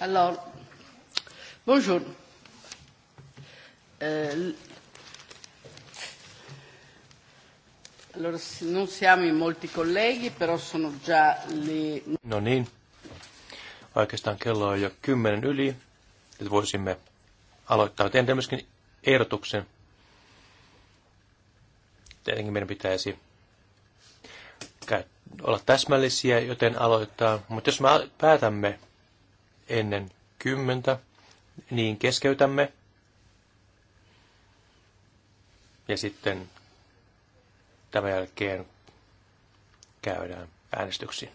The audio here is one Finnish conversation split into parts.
Alors, bonjour. Eh, allora, non siamo in molti colleghi, però sono già le... No niin. Oikeastaan kello on jo kymmenen yli, että voisimme aloittaa. Teen myöskin ehdotuksen. Tietenkin meidän pitäisi olla täsmällisiä, joten aloittaa. Mutta jos me päätämme ennen kymmentä, niin keskeytämme. Ja sitten tämän jälkeen käydään äänestyksiin.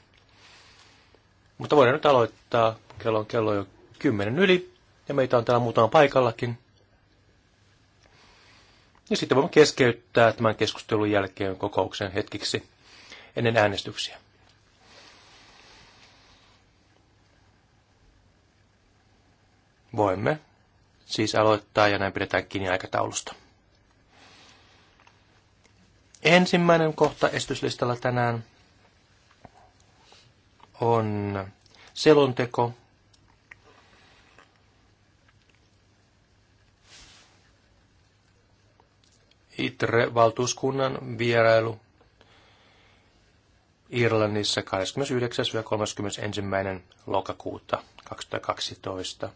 Mutta voidaan nyt aloittaa. Kello on kello jo kymmenen yli ja meitä on täällä muutama paikallakin. Ja sitten voimme keskeyttää tämän keskustelun jälkeen kokouksen hetkiksi ennen äänestyksiä. Voimme siis aloittaa ja näin pidetään kiinni aikataulusta. Ensimmäinen kohta estyslistalla tänään on selonteko ITRE-valtuuskunnan vierailu Irlannissa 29.–31. lokakuuta 2012.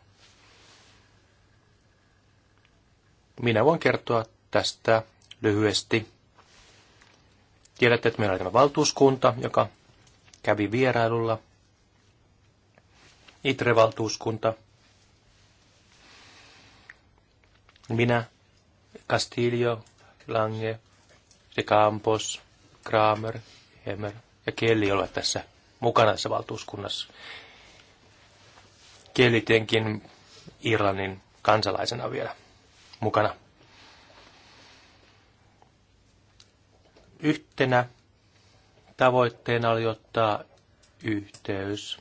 Minä voin kertoa tästä lyhyesti. Tiedätte, että meillä oli tämä valtuuskunta, joka kävi vierailulla. Itre-valtuuskunta. Minä, Castillo, Lange, De Campos, Kramer, Hemmer ja Kelli olivat tässä mukana tässä valtuuskunnassa. Kelli tietenkin Irlannin kansalaisena vielä mukana. Yhtenä tavoitteena oli ottaa yhteys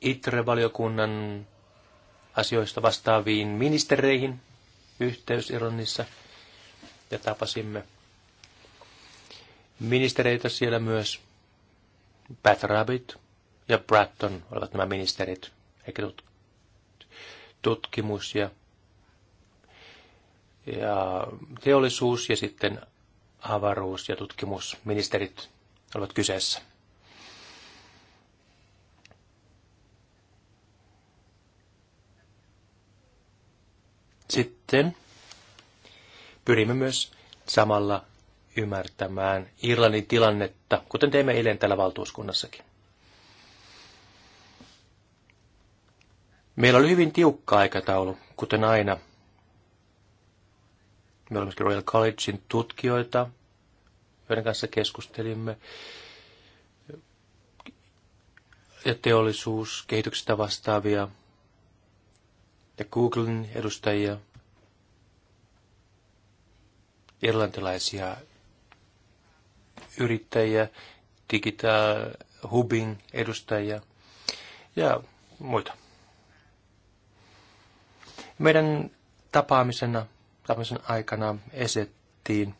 ITRE-valiokunnan asioista vastaaviin ministereihin yhteys Irlannissa ja tapasimme ministereitä siellä myös. Pat Rabbit ja Bratton olivat nämä ministerit, eikä tutkimus- ja ja teollisuus ja sitten avaruus- ja tutkimusministerit olivat kyseessä. Sitten pyrimme myös samalla ymmärtämään Irlannin tilannetta, kuten teimme eilen täällä valtuuskunnassakin. Meillä oli hyvin tiukka aikataulu, kuten aina me olemme Royal Collegein tutkijoita, joiden kanssa keskustelimme. Ja teollisuus, kehityksestä vastaavia ja Googlen edustajia, irlantilaisia yrittäjiä, Digital Hubin edustajia ja muita. Meidän tapaamisena tapaamisen aikana esettiin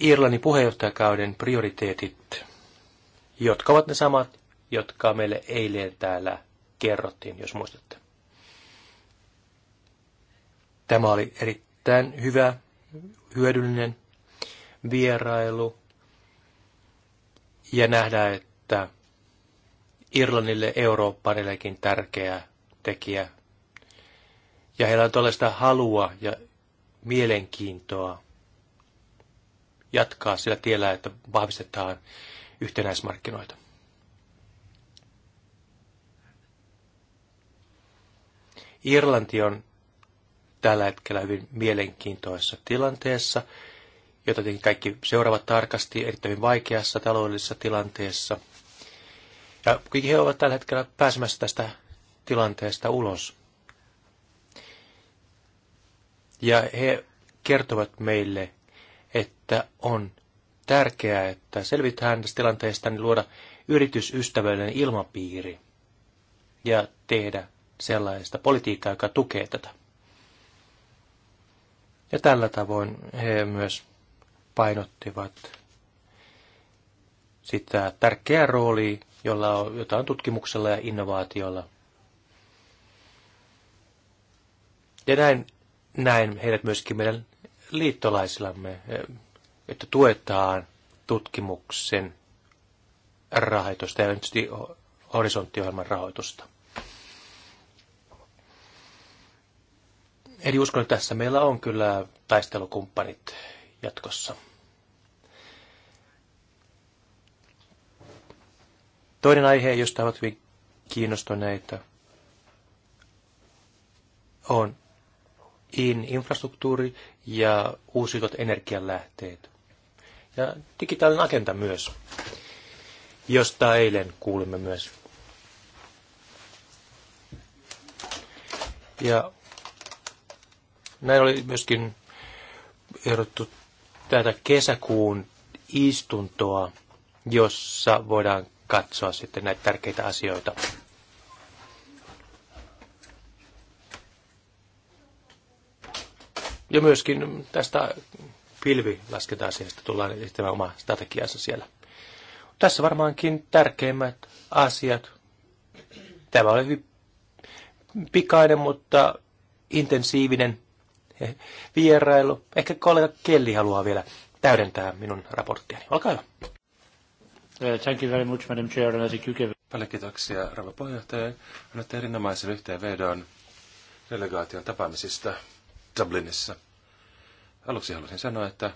Irlannin puheenjohtajakauden prioriteetit, jotka ovat ne samat, jotka meille eilen täällä kerrottiin, jos muistatte. Tämä oli erittäin hyvä, hyödyllinen vierailu ja nähdään, että Irlannille Euroopanillekin tärkeä tekijä ja heillä on tällaista halua ja mielenkiintoa jatkaa sillä tiellä, että vahvistetaan yhtenäismarkkinoita. Irlanti on tällä hetkellä hyvin mielenkiintoisessa tilanteessa, jota tietenkin kaikki seuraavat tarkasti erittäin vaikeassa taloudellisessa tilanteessa. Ja kuitenkin he ovat tällä hetkellä pääsemässä tästä tilanteesta ulos. Ja he kertovat meille, että on tärkeää, että selvitään tästä tilanteesta, niin luoda yritysystävällinen ilmapiiri ja tehdä sellaista politiikkaa, joka tukee tätä. Ja tällä tavoin he myös painottivat sitä tärkeää roolia, jolla on, jota on tutkimuksella ja innovaatiolla. Ja näin näin heidät myöskin meidän liittolaisillamme, eh, että tuetaan tutkimuksen rahoitusta ja tietysti horisonttiohjelman rahoitusta. Eli uskon, että tässä meillä on kyllä taistelukumppanit jatkossa. Toinen aihe, josta ovat hyvin kiinnostuneita, on in infrastruktuuri ja uusiutuvat energianlähteet. Ja digitaalinen agenda myös, josta eilen kuulimme myös. Ja näin oli myöskin ehdottu tätä kesäkuun istuntoa, jossa voidaan katsoa sitten näitä tärkeitä asioita. Ja myöskin tästä pilvilaskenta-asiasta tullaan esittämään oma strategiansa siellä. Tässä varmaankin tärkeimmät asiat. Tämä oli hyvin pikainen, mutta intensiivinen vierailu. Ehkä kollega Kelli haluaa vielä täydentää minun raporttiani. Olkaa hyvä. Eh, thank you very much, Madam Chair, and I think you gave... Paljon kiitoksia, Rava puheenjohtaja. Annette erinomaisen yhteenvedon delegaation tapaamisista Dublinissa. Aluksi haluaisin sanoa, että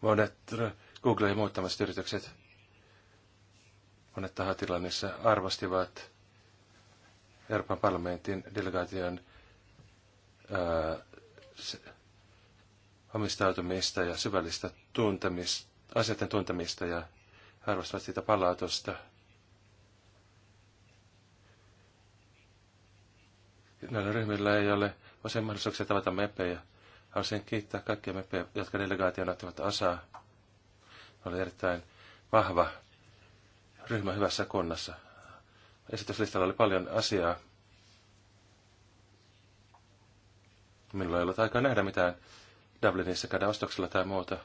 monet Google ja muut tämmöiset yritykset, monet tahatilannissa arvostivat Euroopan parlamentin delegaation ää, omistautumista ja syvällistä tuntemista, asioiden tuntemista ja arvostavat siitä palautusta – Näillä ryhmillä ei ole usein mahdollisuuksia tavata mepejä, Haluaisin kiittää kaikkia mepejä, jotka delegaation ottivat osaa. Oli erittäin vahva ryhmä hyvässä kunnassa. Esityslistalla oli paljon asiaa. Minulla ei ollut aikaa nähdä mitään Dublinissa käydä ostoksella tai muuta.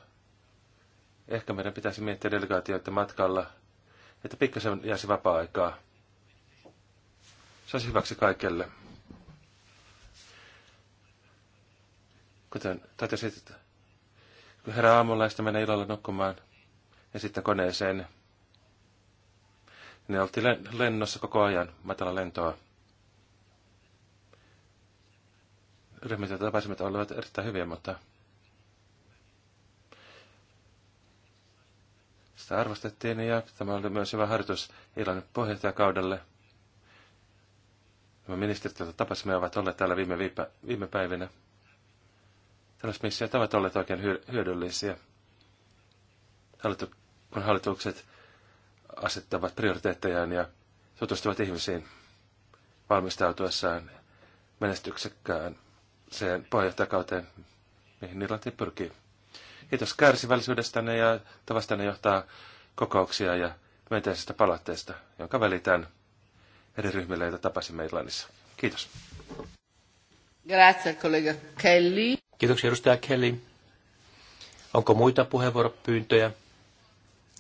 Ehkä meidän pitäisi miettiä delegaatioiden matkalla, että pikkasen jäisi vapaa-aikaa. Se olisi hyväksi kaikille. Kuten totesit, kun herää aamulla ja menee illalla nukkumaan ja sitten koneeseen, niin ne oltiin lennossa koko ajan, matala lentoa. Ryhmät, ja tapasimme, olivat erittäin hyviä, mutta sitä arvostettiin ja tämä oli myös hyvä harjoitus illan puheenjohtajakaudelle. Nämä ministerit, joita tapasimme, ovat olleet täällä viime, viipä, viime päivinä. Erasmissiot ovat olleet oikein hyödyllisiä, Hallitu, kun hallitukset asettavat prioriteettejaan ja tutustuvat ihmisiin valmistautuessaan menestyksekkään sen puheenjohtajakauteen, mihin Irlanti pyrkii. Kiitos kärsivällisyydestänne ja tavastanne johtaa kokouksia ja myönteisestä palautteesta, jonka välitän eri ryhmille, joita tapasimme Irlannissa. Kiitos. Grazie, collega Kelly. Kiitoksia edustaja Kelly. Onko muita puheenvuoropyyntöjä?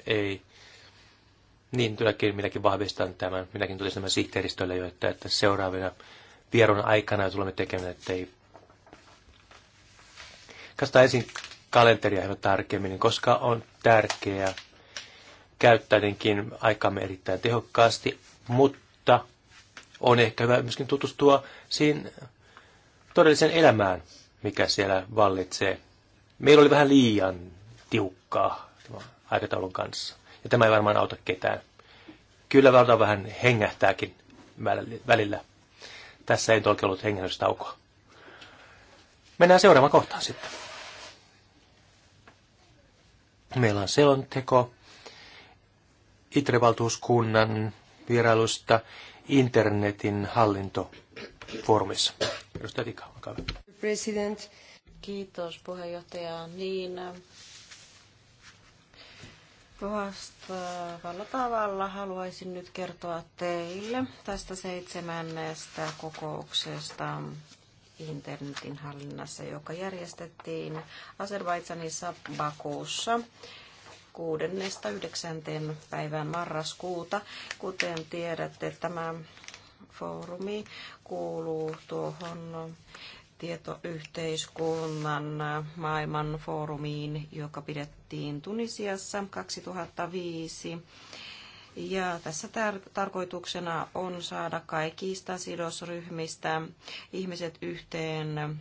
Ei. Niin, todellakin minäkin vahvistan tämän. Minäkin tulisin tämän sihteeristölle jo, että, että seuraavina vieron aikana tulemme tekemään, että ei... Kastaa ensin kalenteria hieman tarkemmin, niin koska on tärkeää käyttää tietenkin aikamme erittäin tehokkaasti, mutta on ehkä hyvä myöskin tutustua siihen todelliseen elämään mikä siellä vallitsee. Meillä oli vähän liian tiukkaa aikataulun kanssa. Ja tämä ei varmaan auta ketään. Kyllä valta vähän hengähtääkin välillä. Tässä ei toki ollut hengähdystaukoa. Mennään seuraavaan kohtaan sitten. Meillä on selonteko Itrevaltuuskunnan vierailusta internetin hallintofoorumissa. Edustaja Vika, olkaa hyvä. President. Kiitos puheenjohtaja. Niin, vastaavalla tavalla haluaisin nyt kertoa teille tästä seitsemännestä kokouksesta internetin hallinnassa, joka järjestettiin Azerbaidsanissa Bakuussa 6.9. päivän marraskuuta. Kuten tiedätte, tämä foorumi kuuluu tuohon tietoyhteiskunnan maailman foorumiin, joka pidettiin Tunisiassa 2005. Ja tässä tar- tarkoituksena on saada kaikista sidosryhmistä ihmiset yhteen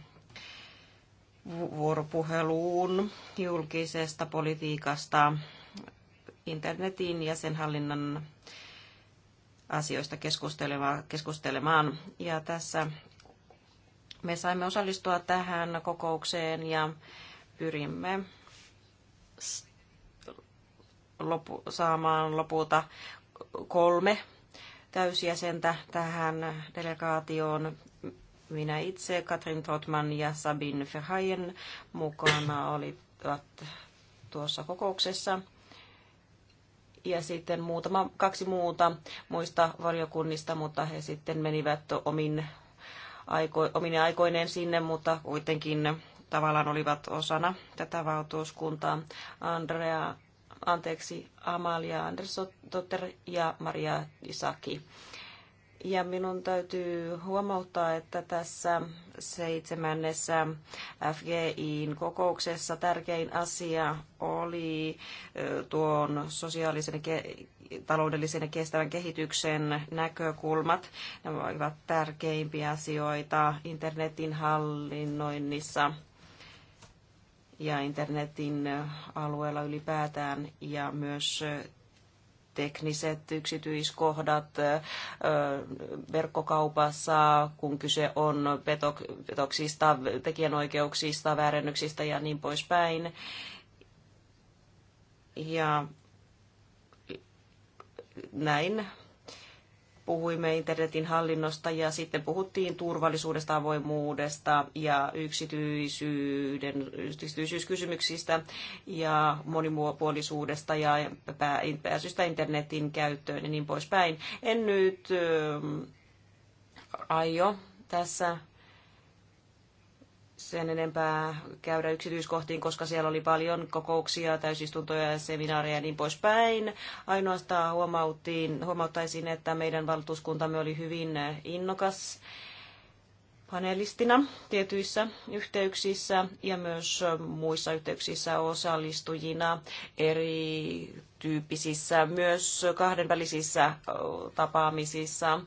vuoropuheluun julkisesta politiikasta, internetin ja sen hallinnan asioista keskustelemaan. Ja tässä me saimme osallistua tähän kokoukseen ja pyrimme lopu, saamaan lopulta kolme täysjäsentä tähän delegaatioon. Minä itse, Katrin Trotman ja Sabin Ferhajen mukana olivat tuossa kokouksessa. Ja sitten muutama, kaksi muuta muista valiokunnista, mutta he sitten menivät omin aiko, omine aikoineen sinne, mutta kuitenkin tavallaan olivat osana tätä valtuuskuntaa. Andrea, anteeksi, Amalia Andersotter ja Maria Isaki ja minun täytyy huomauttaa, että tässä seitsemännessä FG:in kokouksessa tärkein asia oli tuon sosiaalisen taloudellisen ja kestävän kehityksen näkökulmat. Nämä olivat tärkeimpiä asioita internetin hallinnoinnissa ja internetin alueella ylipäätään ja myös tekniset yksityiskohdat verkkokaupassa, kun kyse on petoksista, tekijänoikeuksista, väärennyksistä ja niin poispäin. Ja näin puhuimme internetin hallinnosta ja sitten puhuttiin turvallisuudesta, avoimuudesta ja yksityisyyden, yksityisyyskysymyksistä ja monimuotoisuudesta ja pääsystä internetin käyttöön ja niin poispäin. En nyt aio tässä sen enempää käydä yksityiskohtiin, koska siellä oli paljon kokouksia, täysistuntoja, seminaareja ja niin poispäin. Ainoastaan huomauttiin, huomauttaisin, että meidän valtuuskuntamme oli hyvin innokas panelistina tietyissä yhteyksissä ja myös muissa yhteyksissä osallistujina eri tyyppisissä, myös kahdenvälisissä äh, tapaamisissa.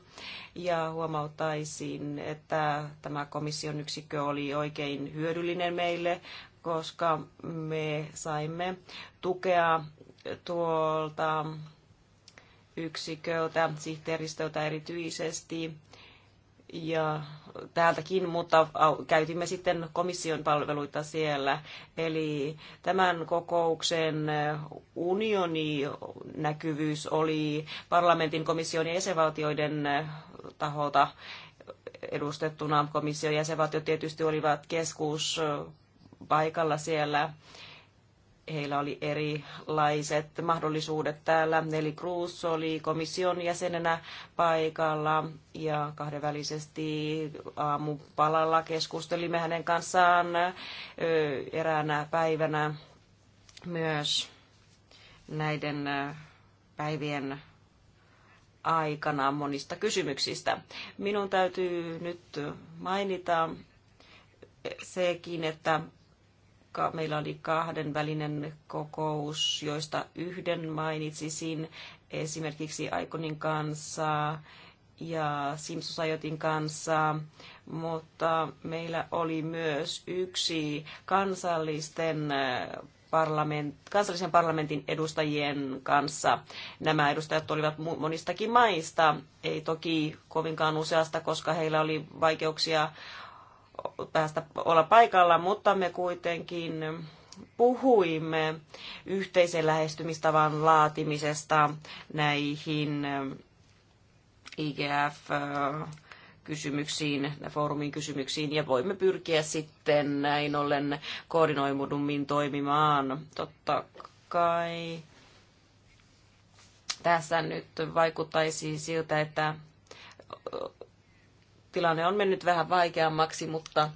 Ja huomauttaisin, että tämä komission yksikkö oli oikein hyödyllinen meille, koska me saimme tukea tuolta yksiköltä, sihteeristöltä erityisesti, ja täältäkin, mutta käytimme sitten komission palveluita siellä. Eli tämän kokouksen unioninäkyvyys oli parlamentin, komission ja jäsenvaltioiden taholta edustettuna. Komission jäsenvaltiot tietysti olivat keskus paikalla siellä heillä oli erilaiset mahdollisuudet täällä. Neli Cruz oli komission jäsenenä paikalla ja kahdenvälisesti aamupalalla keskustelimme hänen kanssaan eräänä päivänä myös näiden päivien aikana monista kysymyksistä. Minun täytyy nyt mainita sekin, että meillä oli kahden välinen kokous, joista yhden mainitsisin esimerkiksi Aikonin kanssa ja Sim kanssa, mutta meillä oli myös yksi kansallisten äh, parlament, kansallisen parlamentin edustajien kanssa. Nämä edustajat olivat monistakin maista, ei toki kovinkaan useasta, koska heillä oli vaikeuksia päästä olla paikalla, mutta me kuitenkin puhuimme yhteisen lähestymistavan laatimisesta näihin eh, IGF eh, kysymyksiin, foorumin kysymyksiin, ja voimme pyrkiä sitten näin ollen koordinoimudummin toimimaan. Totta kai tässä nyt vaikuttaisi siltä, että tilanne on mennyt vähän vaikeammaksi, mutta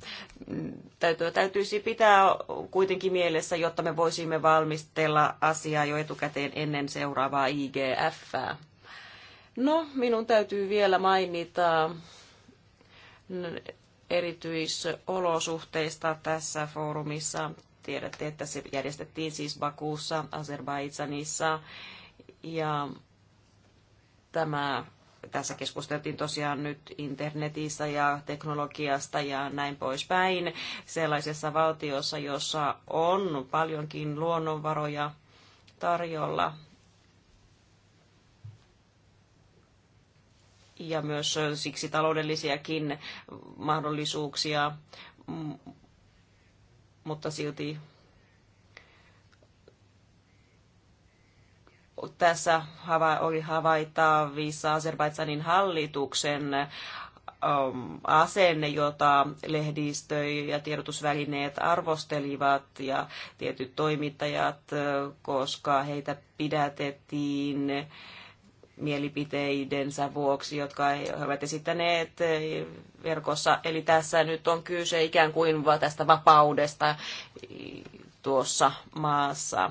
täytyy, täytyisi pitää kuitenkin mielessä, jotta me voisimme valmistella asiaa jo etukäteen ennen seuraavaa IGF. -ää. No, minun täytyy vielä mainita erityisolosuhteista tässä foorumissa. Tiedätte, että se järjestettiin siis Bakuussa, Azerbaidsanissa ja tämä tässä keskusteltiin tosiaan nyt internetissä ja teknologiasta ja näin poispäin. Sellaisessa valtiossa, jossa on paljonkin luonnonvaroja tarjolla ja myös siksi taloudellisiakin mahdollisuuksia, mutta silti Tässä oli havaittavissa Azerbaidsanin hallituksen ähm, asenne, jota lehdistö ja tiedotusvälineet arvostelivat ja tietyt toimittajat, äh, koska heitä pidätettiin mielipiteidensä vuoksi, jotka he ovat esittäneet äh, verkossa. Eli tässä nyt on kyse ikään kuin tästä vapaudesta äh, tuossa maassa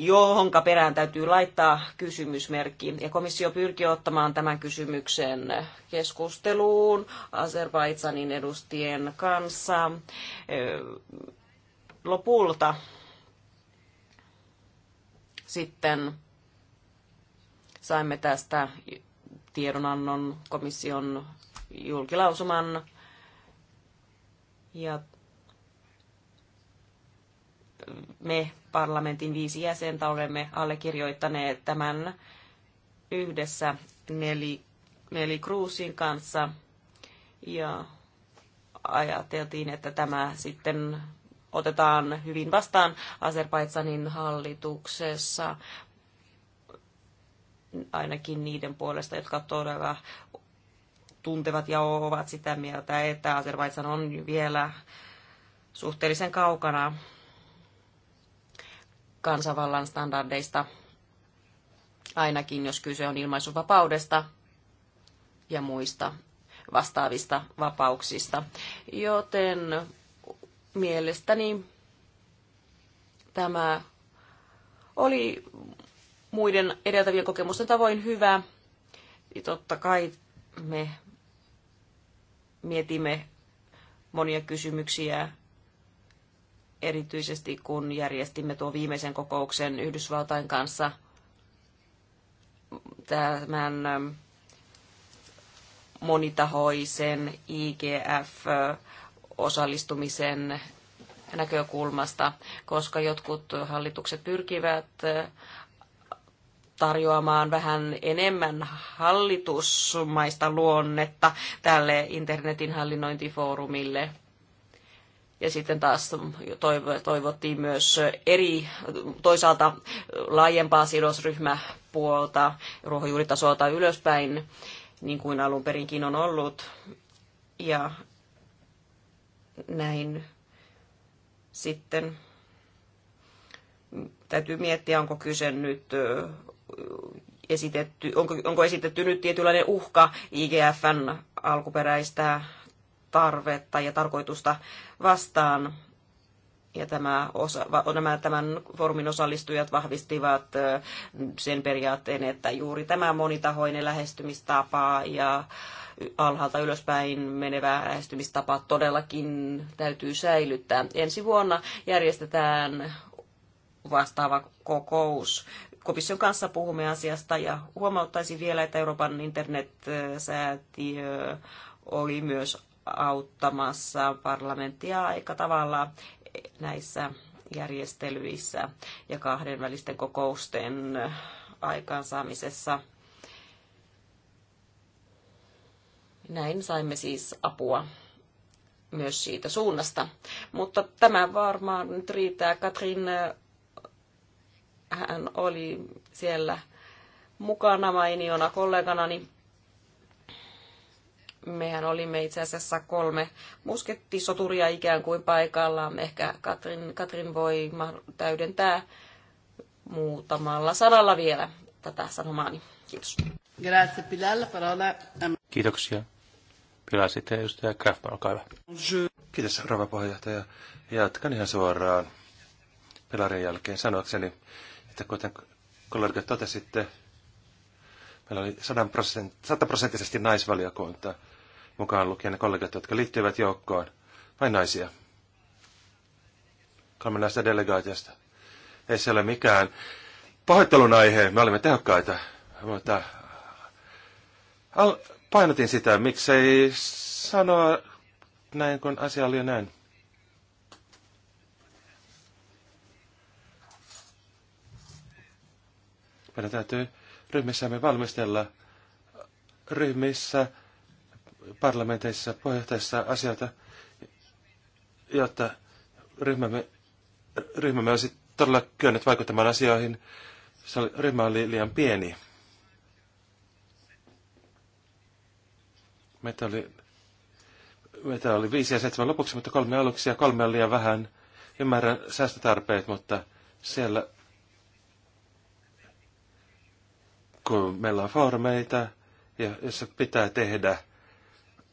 johonka perään täytyy laittaa kysymysmerkki. Ja komissio pyrkii ottamaan tämän kysymyksen keskusteluun Azerbaidsanin edustien kanssa. Lopulta sitten saimme tästä tiedonannon komission julkilausuman ja me parlamentin viisi jäsentä olemme allekirjoittaneet tämän yhdessä Neli, Neli Kruusin kanssa. Ja ajateltiin, että tämä sitten otetaan hyvin vastaan Azerbaidsanin hallituksessa, ainakin niiden puolesta, jotka todella tuntevat ja ovat sitä mieltä, että Azerbaidsan on vielä suhteellisen kaukana kansanvallan standardeista, ainakin jos kyse on ilmaisuvapaudesta ja muista vastaavista vapauksista. Joten mielestäni tämä oli muiden edeltävien kokemusten tavoin hyvä. Ja totta kai me mietimme monia kysymyksiä erityisesti kun järjestimme tuon viimeisen kokouksen Yhdysvaltain kanssa tämän ähm, monitahoisen IGF-osallistumisen äh, näkökulmasta, koska jotkut hallitukset pyrkivät äh, tarjoamaan vähän enemmän hallitusmaista luonnetta tälle internetin hallinnointifoorumille – ja sitten taas toivottiin myös eri, toisaalta laajempaa sidosryhmäpuolta ruohonjuuritasolta ylöspäin, niin kuin alun perinkin on ollut. Ja näin sitten täytyy miettiä, onko kyse nyt esitetty, onko, onko esitetty nyt tietynlainen uhka IGFn alkuperäistä tarvetta ja tarkoitusta vastaan. Ja tämä osa, nämä tämän formin osallistujat vahvistivat sen periaatteen, että juuri tämä monitahoinen lähestymistapa ja alhaalta ylöspäin menevä lähestymistapa todellakin täytyy säilyttää. Ensi vuonna järjestetään vastaava kokous. Komission kanssa puhumme asiasta ja huomauttaisin vielä, että Euroopan internetsäätiö oli myös auttamassa parlamenttia aika tavalla näissä järjestelyissä ja kahdenvälisten kokousten aikaansaamisessa. Näin saimme siis apua myös siitä suunnasta. Mutta tämä varmaan nyt riittää. Katrin, hän oli siellä mukana mainiona kolleganani mehän olimme itse asiassa kolme muskettisoturia ikään kuin paikallaan. Ehkä Katrin, Katrin voi täydentää muutamalla sanalla vielä tätä sanomaani. Kiitos. Grazie Pilalla, parola. Kiitoksia. Pilar sitten edustaja Kraftman, olkaa hyvä. Kiitos rouva puheenjohtaja. Jatkan ihan suoraan pelarin jälkeen sanoakseni, että kuten kollegat totesitte, Meillä oli 100 prosenttisesti naisvaliokunta, mukaan lukien ne kollegat, jotka liittyivät joukkoon. Vain naisia. Kolme näistä delegaatiosta. Ei se ole mikään pahoittelun aihe. Me olimme tehokkaita, mutta painotin sitä, miksei sanoa näin, kun asia oli näin. Meidän täytyy ryhmissämme valmistella ryhmissä, parlamenteissa, puheenjohtajissa asioita, jotta ryhmämme, ryhmämme olisi todella kyennyt vaikuttamaan asioihin. Se oli, ryhmä oli liian pieni. Meitä oli, meitä oli viisi ja seitsemän lopuksi, mutta kolme aluksi ja kolme oli liian vähän. Ymmärrän säästötarpeet, mutta siellä kun meillä on foorumeita, ja jossa pitää tehdä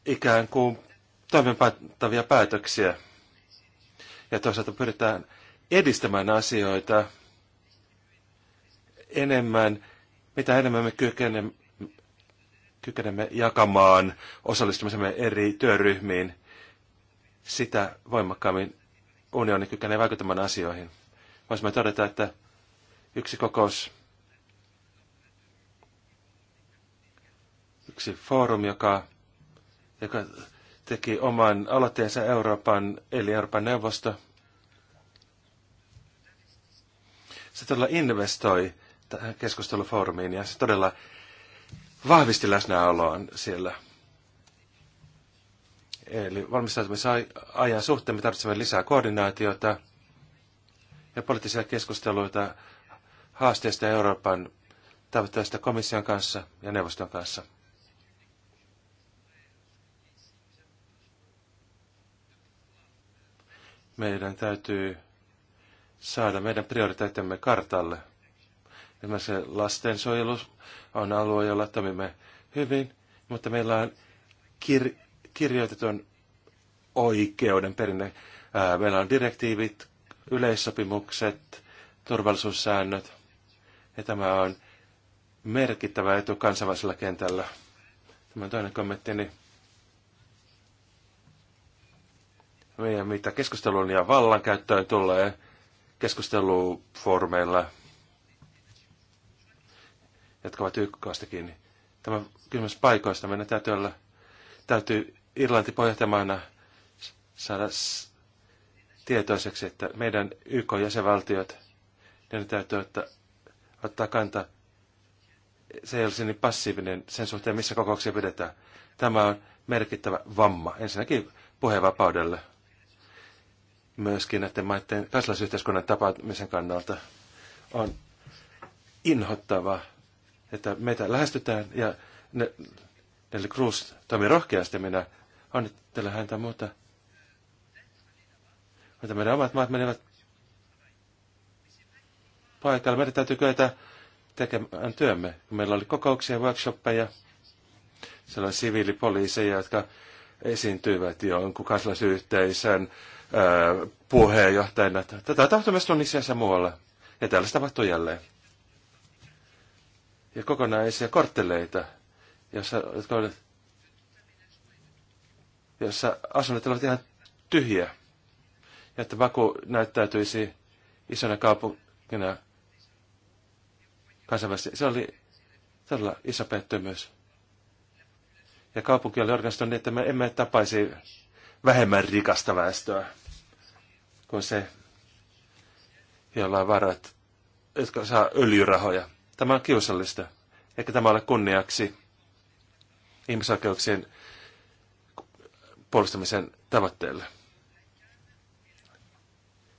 ikään kuin toimenpäättäviä päätöksiä. Ja toisaalta pyritään edistämään asioita enemmän, mitä enemmän me kykenemme, kykenemme jakamaan osallistumisemme eri työryhmiin, sitä voimakkaammin unioni kykenee vaikuttamaan asioihin. Voisimme todeta, että yksi kokous yksi foorumi, joka, joka teki oman aloitteensa Euroopan, eli Euroopan neuvosto. Se todella investoi tähän keskustelufoorumiin ja se todella vahvisti läsnäoloaan siellä. Eli valmistautumisajan suhteen me tarvitsemme lisää koordinaatiota ja poliittisia keskusteluita haasteista Euroopan tavoitteista komission kanssa ja neuvoston kanssa. Meidän täytyy saada meidän prioriteettimme kartalle. Esimerkiksi lastensuojelu on alue, jolla toimimme hyvin, mutta meillä on kir- kirjoitetun oikeuden perinne. Meillä on direktiivit, yleissopimukset, turvallisuussäännöt, ja tämä on merkittävä etu kansainvälisellä kentällä. Tämä on toinen kommenttini. Niin meidän mitä keskustelun ja vallankäyttöön tulee keskustelufoorumeilla, jotka ovat YKstakin. Tämä kysymys paikoista meidän täytyy olla, täytyy Irlanti pohjohtajamaana saada tietoiseksi, että meidän YK-jäsenvaltiot, ne täytyy ottaa, ottaa kanta. Se ei olisi niin passiivinen sen suhteen, missä kokouksia pidetään. Tämä on merkittävä vamma ensinnäkin puheenvapaudelle myöskin näiden maiden kansalaisyhteiskunnan tapaamisen kannalta on inhottava, että meitä lähestytään ja ne, Nelly Cruz toimi rohkeasti. Minä onnittelen häntä, muuta, mutta meidän omat maat menevät paikalle. Meidän täytyy kyetä tekemään työmme. Meillä oli kokouksia, workshoppeja, siellä on siviilipoliiseja, jotka esiintyivät jonkun kansalaisyhteisön puheenjohtajana. Tätä tapahtui myös Tunisiassa muualla. Ja täällä se tapahtui jälleen. Ja kokonaisia kortteleita, jossa, jotka olivat, jossa asunnot olivat ihan tyhjiä. Ja että Baku näyttäytyisi isona kaupunkina kansainvälisesti. Se oli todella iso pettymys. Ja kaupunki oli organisoitu niin, että me emme tapaisi vähemmän rikasta väestöä kuin se, jolla on varat, jotka saa öljyrahoja. Tämä on kiusallista, eikä tämä ole kunniaksi ihmisoikeuksien puolustamisen tavoitteelle.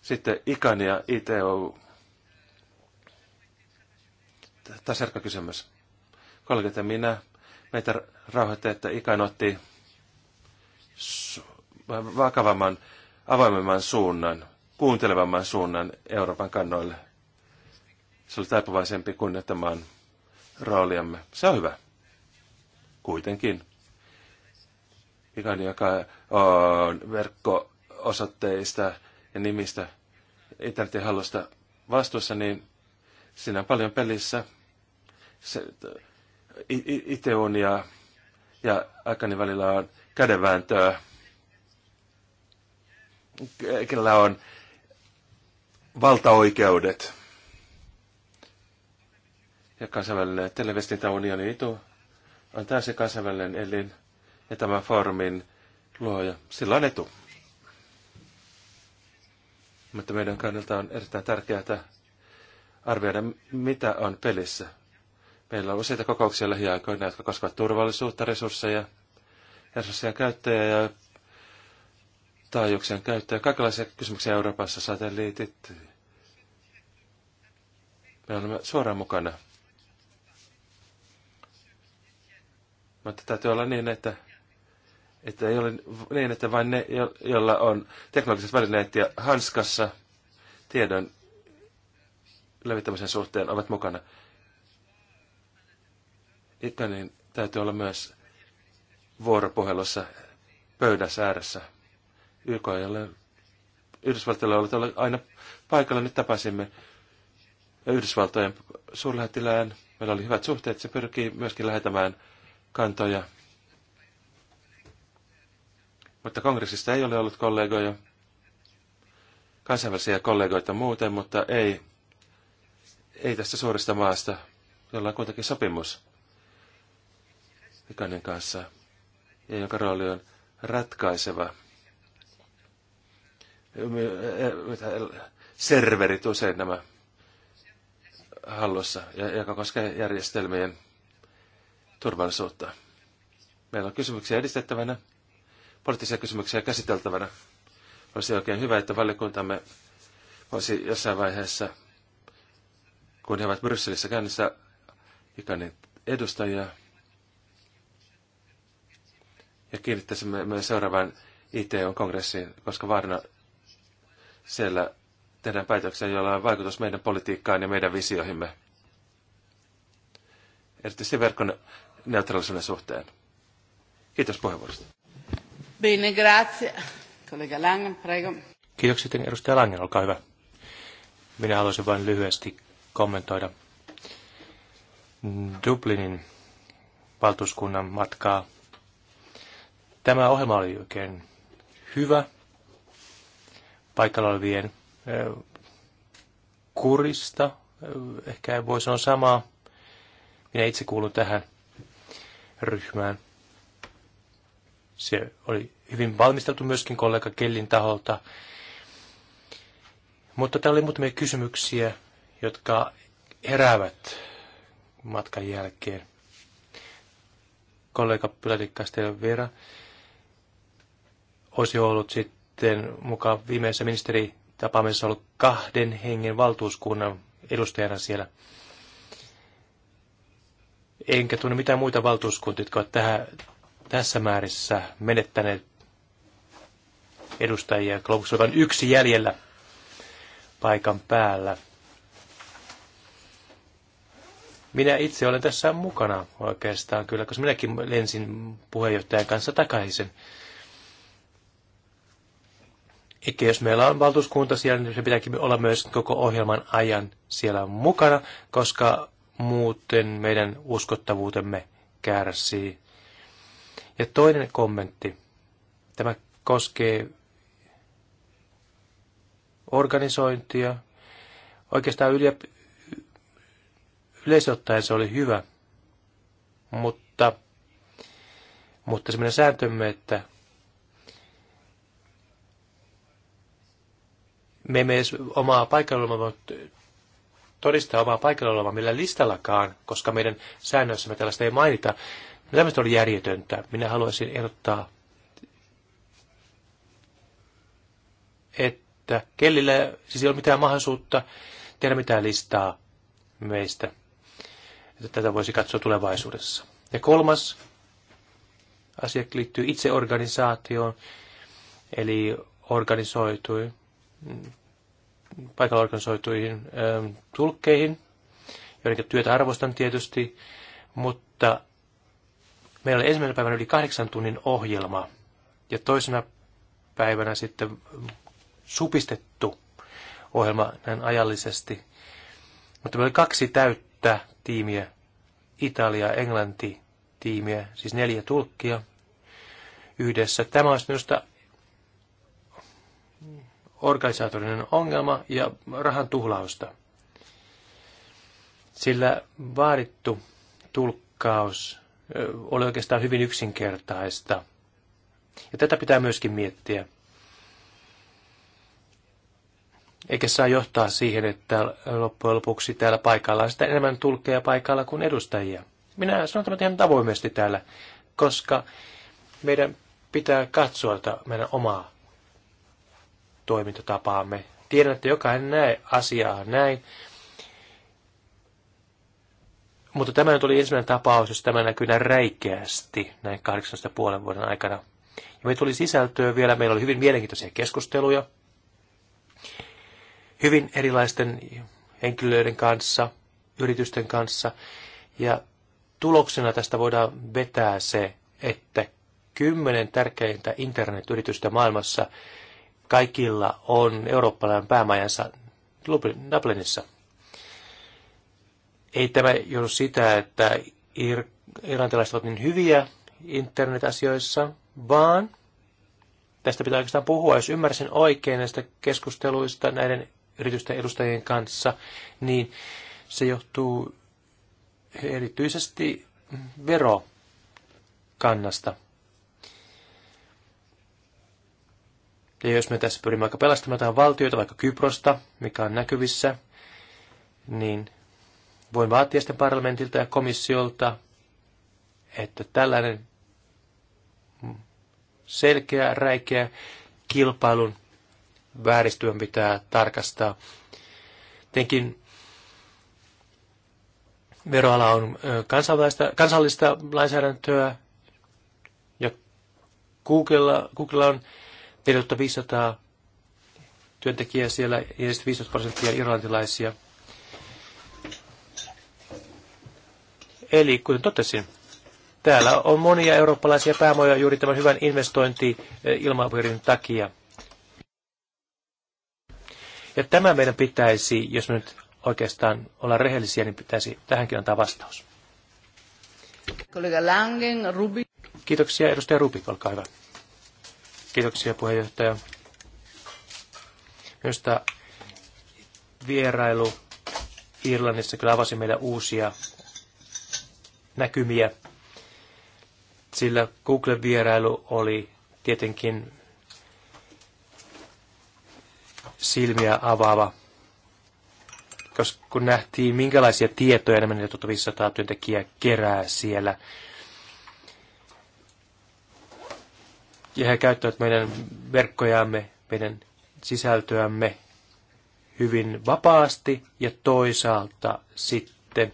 Sitten ikania ja ITO. Tämä on kysymys. Kollegat ja minä, meitä rauhoitte, että ICAN otti su- vakavamman, avoimemman suunnan, kuuntelevamman suunnan Euroopan kannoille. Se oli taipuvaisempi kunnettamaan rooliamme. Se on hyvä. Kuitenkin. Ikään joka on verkko-osoitteista ja nimistä internetin hallusta vastuussa, niin siinä on paljon pelissä. Se, it, it, ja, ja aikani välillä on kädenvääntöä kellä on valtaoikeudet. Ja kansainvälinen televestintäunioni ITU on täysin kansainvälinen elin ja tämän foorumin luoja. Sillä on etu. Mutta meidän kannalta on erittäin tärkeää arvioida, mitä on pelissä. Meillä on useita kokouksia lähiaikoina, jotka koskevat turvallisuutta, resursseja, resursseja käyttäjä ja taajuuksien käyttöä. Kaikenlaisia kysymyksiä Euroopassa satelliitit. Me olemme suoraan mukana. Mutta täytyy olla niin, että, että ei ole niin, että vain ne, joilla on teknologiset välineet ja hanskassa tiedon levittämisen suhteen ovat mukana. Itse niin täytyy olla myös vuoropuhelussa pöydässä ääressä. YK ei Yhdysvaltoilla ei aina paikalla. Nyt niin tapasimme Yhdysvaltojen suurlähettilään. Meillä oli hyvät suhteet. Se pyrkii myöskin lähetämään kantoja. Mutta kongressista ei ole ollut kollegoja, kansainvälisiä kollegoita muuten, mutta ei, ei tästä suuresta maasta, jolla on kuitenkin sopimus Ikanin kanssa ja jonka rooli on ratkaiseva serverit usein nämä hallussa, joka koskee järjestelmien turvallisuutta. Meillä on kysymyksiä edistettävänä, poliittisia kysymyksiä käsiteltävänä. Olisi oikein hyvä, että valiokuntamme voisi jossain vaiheessa, kun he ovat Brysselissä käynnissä ikäinen edustajia, ja kiinnittäisimme myös seuraavaan ITO-kongressiin, koska vaarana siellä tehdään päätöksiä, joilla on vaikutus meidän politiikkaan ja meidän visioihimme. Erityisesti verkon neutraalisuuden suhteen. Kiitos puheenvuorosta. Bene, grazie. Kollega Langen, prego. Kiitoksia, edustaja Langen, olkaa hyvä. Minä haluaisin vain lyhyesti kommentoida Dublinin valtuuskunnan matkaa. Tämä ohjelma oli oikein hyvä paikalla olevien kurista. Ehkä ei voi sanoa samaa. Minä itse kuulun tähän ryhmään. Se oli hyvin valmisteltu myöskin kollega Kellin taholta. Mutta täällä oli muutamia kysymyksiä, jotka heräävät matkan jälkeen. Kollega Pylätikkaista ja Vera olisi ollut sitten sitten mukaan viimeisessä ministeritapaamisessa ollut kahden hengen valtuuskunnan edustajana siellä. Enkä tunne mitään muita valtuuskuntia, jotka ovat tähän, tässä määrissä menettäneet edustajia. Lopuksi on vain yksi jäljellä paikan päällä. Minä itse olen tässä mukana oikeastaan kyllä, koska minäkin lensin puheenjohtajan kanssa takaisin eikä jos meillä on valtuuskunta siellä, niin se pitääkin olla myös koko ohjelman ajan siellä mukana, koska muuten meidän uskottavuutemme kärsii. Ja toinen kommentti. Tämä koskee organisointia. Oikeastaan yle, yleisottaen se oli hyvä, mutta, mutta semmoinen sääntömme, että me emme edes omaa paikalla todistaa omaa paikalla olevaa millä listallakaan, koska meidän säännöissämme tällaista ei mainita. No, tämmöistä oli järjetöntä. Minä haluaisin ehdottaa, että kellillä siis ei ole mitään mahdollisuutta tehdä mitään listaa meistä. Että tätä voisi katsoa tulevaisuudessa. Ja kolmas asia liittyy itseorganisaatioon, eli organisoitui paikalla organisoituihin ähm, tulkkeihin, joiden työtä arvostan tietysti, mutta meillä oli ensimmäinen päivänä yli kahdeksan tunnin ohjelma ja toisena päivänä sitten supistettu ohjelma näin ajallisesti. Mutta meillä oli kaksi täyttä tiimiä, Italia, Englanti tiimiä, siis neljä tulkkia yhdessä. Tämä olisi minusta organisaatorinen ongelma ja rahan tuhlausta. Sillä vaadittu tulkkaus oli oikeastaan hyvin yksinkertaista. Ja tätä pitää myöskin miettiä. Eikä saa johtaa siihen, että loppujen lopuksi täällä paikalla on sitä enemmän tulkkeja paikalla kuin edustajia. Minä sanon tämän ihan avoimesti täällä, koska meidän pitää katsoa meidän omaa toimintatapaamme. Tiedän, että jokainen näe asiaa näin, mutta tämä nyt oli ensimmäinen tapaus, jos tämä näkyy näin räikeästi näin 18,5 vuoden aikana. Ja me tuli sisältöä vielä, meillä oli hyvin mielenkiintoisia keskusteluja, hyvin erilaisten henkilöiden kanssa, yritysten kanssa. Ja tuloksena tästä voidaan vetää se, että kymmenen tärkeintä internetyritystä maailmassa kaikilla on eurooppalainen päämajansa Dublinissa. Ei tämä johdu sitä, että ir- irlantilaiset ovat niin hyviä internetasioissa, vaan tästä pitää oikeastaan puhua. Jos ymmärsin oikein näistä keskusteluista näiden yritysten edustajien kanssa, niin se johtuu erityisesti verokannasta. Ja jos me tässä pyrimme aika pelastamaan jotain valtioita, vaikka Kyprosta, mikä on näkyvissä, niin voin vaatia sitten parlamentilta ja komissiolta, että tällainen selkeä, räikeä kilpailun vääristyön pitää tarkastaa. Tietenkin veroala on kansallista, kansallista lainsäädäntöä ja Googlella, Googlella on 4500 työntekijää siellä ja 15 prosenttia irlantilaisia. Eli kuten totesin, täällä on monia eurooppalaisia päämoja juuri tämän hyvän investointi-ilmapiirin takia. Ja tämä meidän pitäisi, jos me nyt oikeastaan olla rehellisiä, niin pitäisi tähänkin antaa vastaus. Kollega Langen, Rubik. Kiitoksia. Edustaja Rubik, olkaa hyvä. Kiitoksia puheenjohtaja. tämä vierailu Irlannissa kyllä avasi meillä uusia näkymiä, sillä Google-vierailu oli tietenkin silmiä avaava, koska kun nähtiin, minkälaisia tietoja nämä 4500 tuota työntekijää kerää siellä – ja he käyttävät meidän verkkojamme, meidän sisältöämme hyvin vapaasti ja toisaalta sitten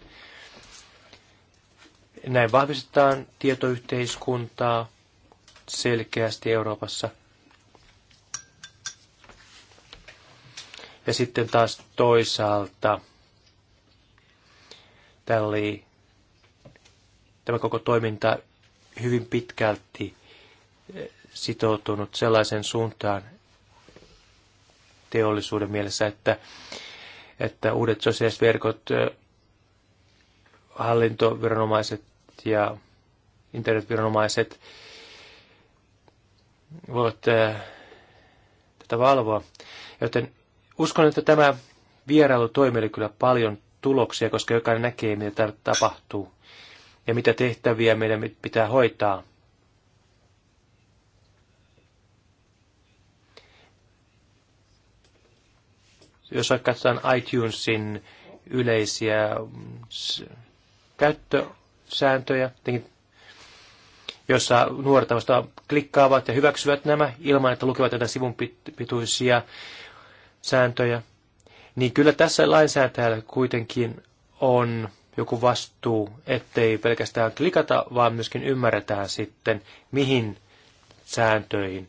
näin vahvistetaan tietoyhteiskuntaa selkeästi Euroopassa. Ja sitten taas toisaalta tälli, tämä koko toiminta hyvin pitkälti sitoutunut sellaisen suuntaan teollisuuden mielessä, että, että uudet sosiaaliset verkot, hallintoviranomaiset ja internetviranomaiset voivat tätä valvoa. Joten uskon, että tämä vierailu toimii kyllä paljon tuloksia, koska jokainen näkee, mitä täällä tapahtuu ja mitä tehtäviä meidän pitää hoitaa – jos katsotaan iTunesin yleisiä käyttösääntöjä, jossa nuoret klikkaavat ja hyväksyvät nämä ilman, että lukevat jotain sivun pituisia sääntöjä, niin kyllä tässä lainsäätäjällä kuitenkin on joku vastuu, ettei pelkästään klikata, vaan myöskin ymmärretään sitten, mihin sääntöihin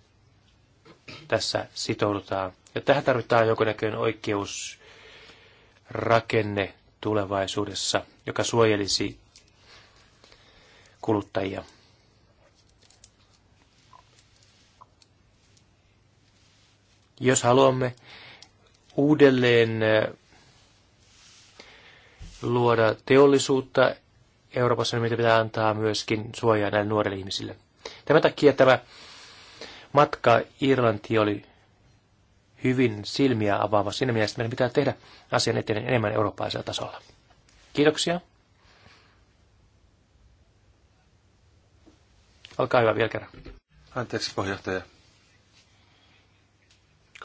tässä sitoudutaan. Ja tähän tarvitaan jonkunnäköinen oikeusrakenne tulevaisuudessa, joka suojelisi kuluttajia. Jos haluamme uudelleen luoda teollisuutta Euroopassa, niin mitä pitää antaa myöskin suojaa näille nuorille ihmisille. Tämän takia tämä matka Irlanti oli hyvin silmiä avaava. Siinä mielessä meidän pitää tehdä asian eteen enemmän eurooppalaisella tasolla. Kiitoksia. Olkaa hyvä vielä kerran. Anteeksi puheenjohtaja.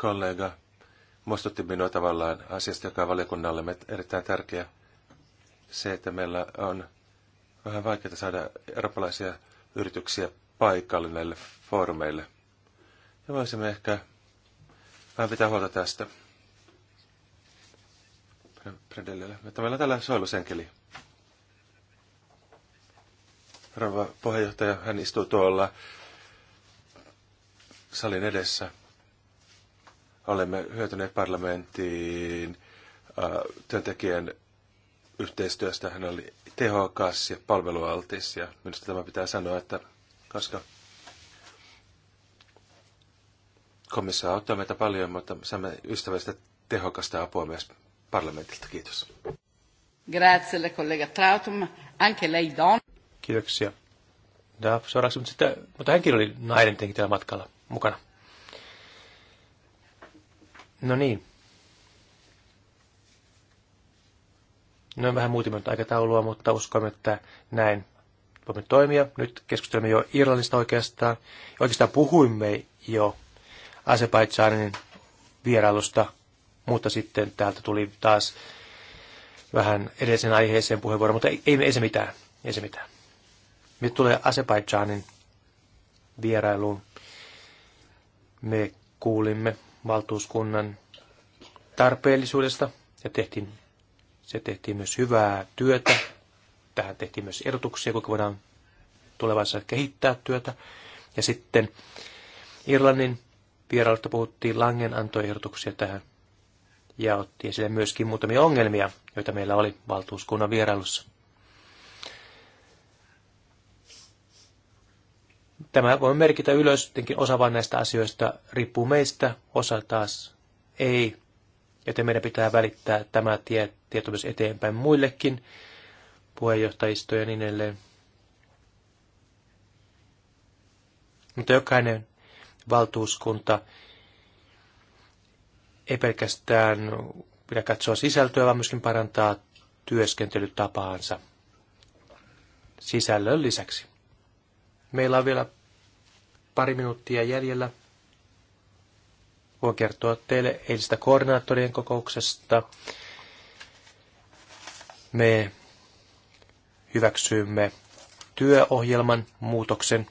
Kollega muistutti minua tavallaan asiasta, joka on valiokunnalle erittäin tärkeä. Se, että meillä on vähän vaikeaa saada eurooppalaisia yrityksiä paikalle näille foorumeille. Ja voisimme ehkä Vähän pitää huolta tästä. Predellelle. Mutta meillä on täällä soilusenkeli. Rova puheenjohtaja, hän istuu tuolla salin edessä. Olemme hyötyneet parlamenttiin äh, työntekijän yhteistyöstä. Hän oli tehokas ja palvelualtis ja minusta tämä pitää sanoa, että koska Komissio auttaa meitä paljon, mutta saamme ystävällistä tehokasta apua myös parlamentilta. Kiitos. Grazie, kollega Trautum. Anche lei don. Kiitoksia. Ja suoraksi, mutta, sitä, mutta hänkin oli nainen tietenkin täällä matkalla mukana. No niin. No vähän muutimme nyt aikataulua, mutta uskomme, että näin voimme toimia. Nyt keskustelemme jo Irlannista oikeastaan. Oikeastaan puhuimme jo Azerbaidsanin vierailusta, mutta sitten täältä tuli taas vähän edellisen aiheeseen puheenvuoro, mutta ei, ei, ei se mitään, ei se mitään. Nyt tulee Azerbaidžanin vierailuun. Me kuulimme valtuuskunnan tarpeellisuudesta ja tehtiin, se tehtiin myös hyvää työtä. Tähän tehtiin myös erotuksia, kuinka voidaan tulevaisuudessa kehittää työtä. Ja sitten Irlannin vierailta puhuttiin, Langen antoi ehdotuksia tähän ja otti esille myöskin muutamia ongelmia, joita meillä oli valtuuskunnan vierailussa. Tämä voi merkitä ylös, jotenkin osa vain näistä asioista riippuu meistä, osa taas ei, joten meidän pitää välittää tämä tie, tieto myös eteenpäin muillekin, puheenjohtajistoja ja niin edelleen. Mutta jokainen valtuuskunta ei pelkästään pidä katsoa sisältöä, vaan myöskin parantaa työskentelytapaansa sisällön lisäksi. Meillä on vielä pari minuuttia jäljellä. Voin kertoa teille eilistä koordinaattorien kokouksesta. Me hyväksyimme työohjelman muutoksen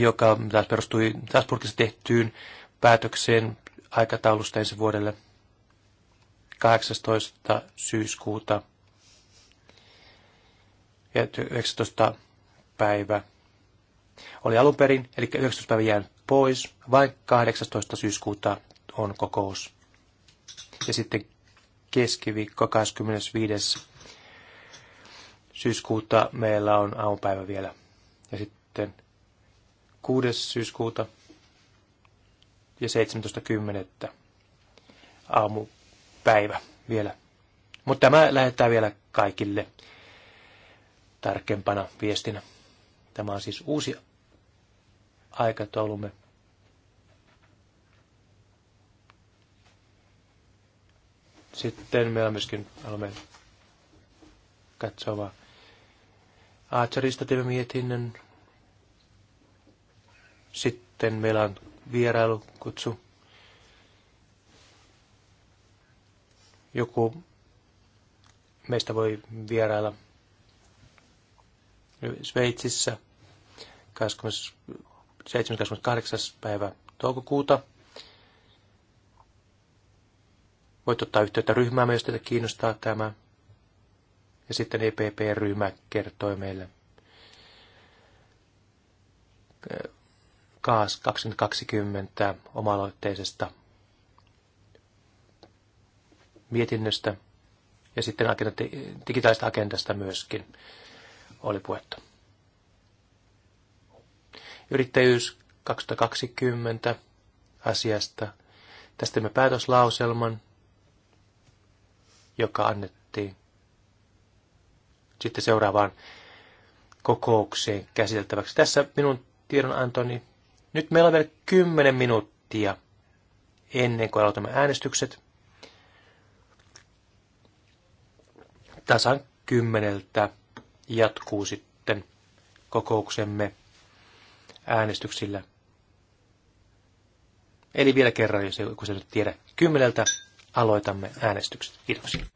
joka taas perustui Salzburgissa tehtyyn päätökseen aikataulusta ensi vuodelle 18. syyskuuta ja 19. päivä oli alun perin, eli 19. päivä jäänyt pois, vain 18. syyskuuta on kokous. Ja sitten keskiviikko 25. syyskuuta meillä on aamupäivä vielä. Ja sitten 6. syyskuuta ja 17.10. aamupäivä vielä. Mutta tämä lähetetään vielä kaikille tarkempana viestinä. Tämä on siis uusi aikataulumme. Sitten meillä myöskin haluamme katsoa Aatsarista teemme mietinnön sitten meillä on vierailukutsu. Joku meistä voi vierailla Sveitsissä 28. päivä toukokuuta. Voit ottaa yhteyttä ryhmäämme, jos teitä kiinnostaa tämä. Ja sitten EPP-ryhmä kertoi meille KAAS 2020 oma-aloitteisesta mietinnöstä ja sitten digitaalista agendasta myöskin oli puhetta. Yrittäjyys 2020 asiasta. Tästä me päätöslauselman, joka annettiin sitten seuraavaan kokoukseen käsiteltäväksi. Tässä minun tiedonantoni nyt meillä on vielä 10 minuuttia ennen kuin aloitamme äänestykset. Tasan kymmeneltä jatkuu sitten kokouksemme äänestyksillä. Eli vielä kerran, jos ei se nyt tiedä, kymmeneltä aloitamme äänestykset. Kiitoksia.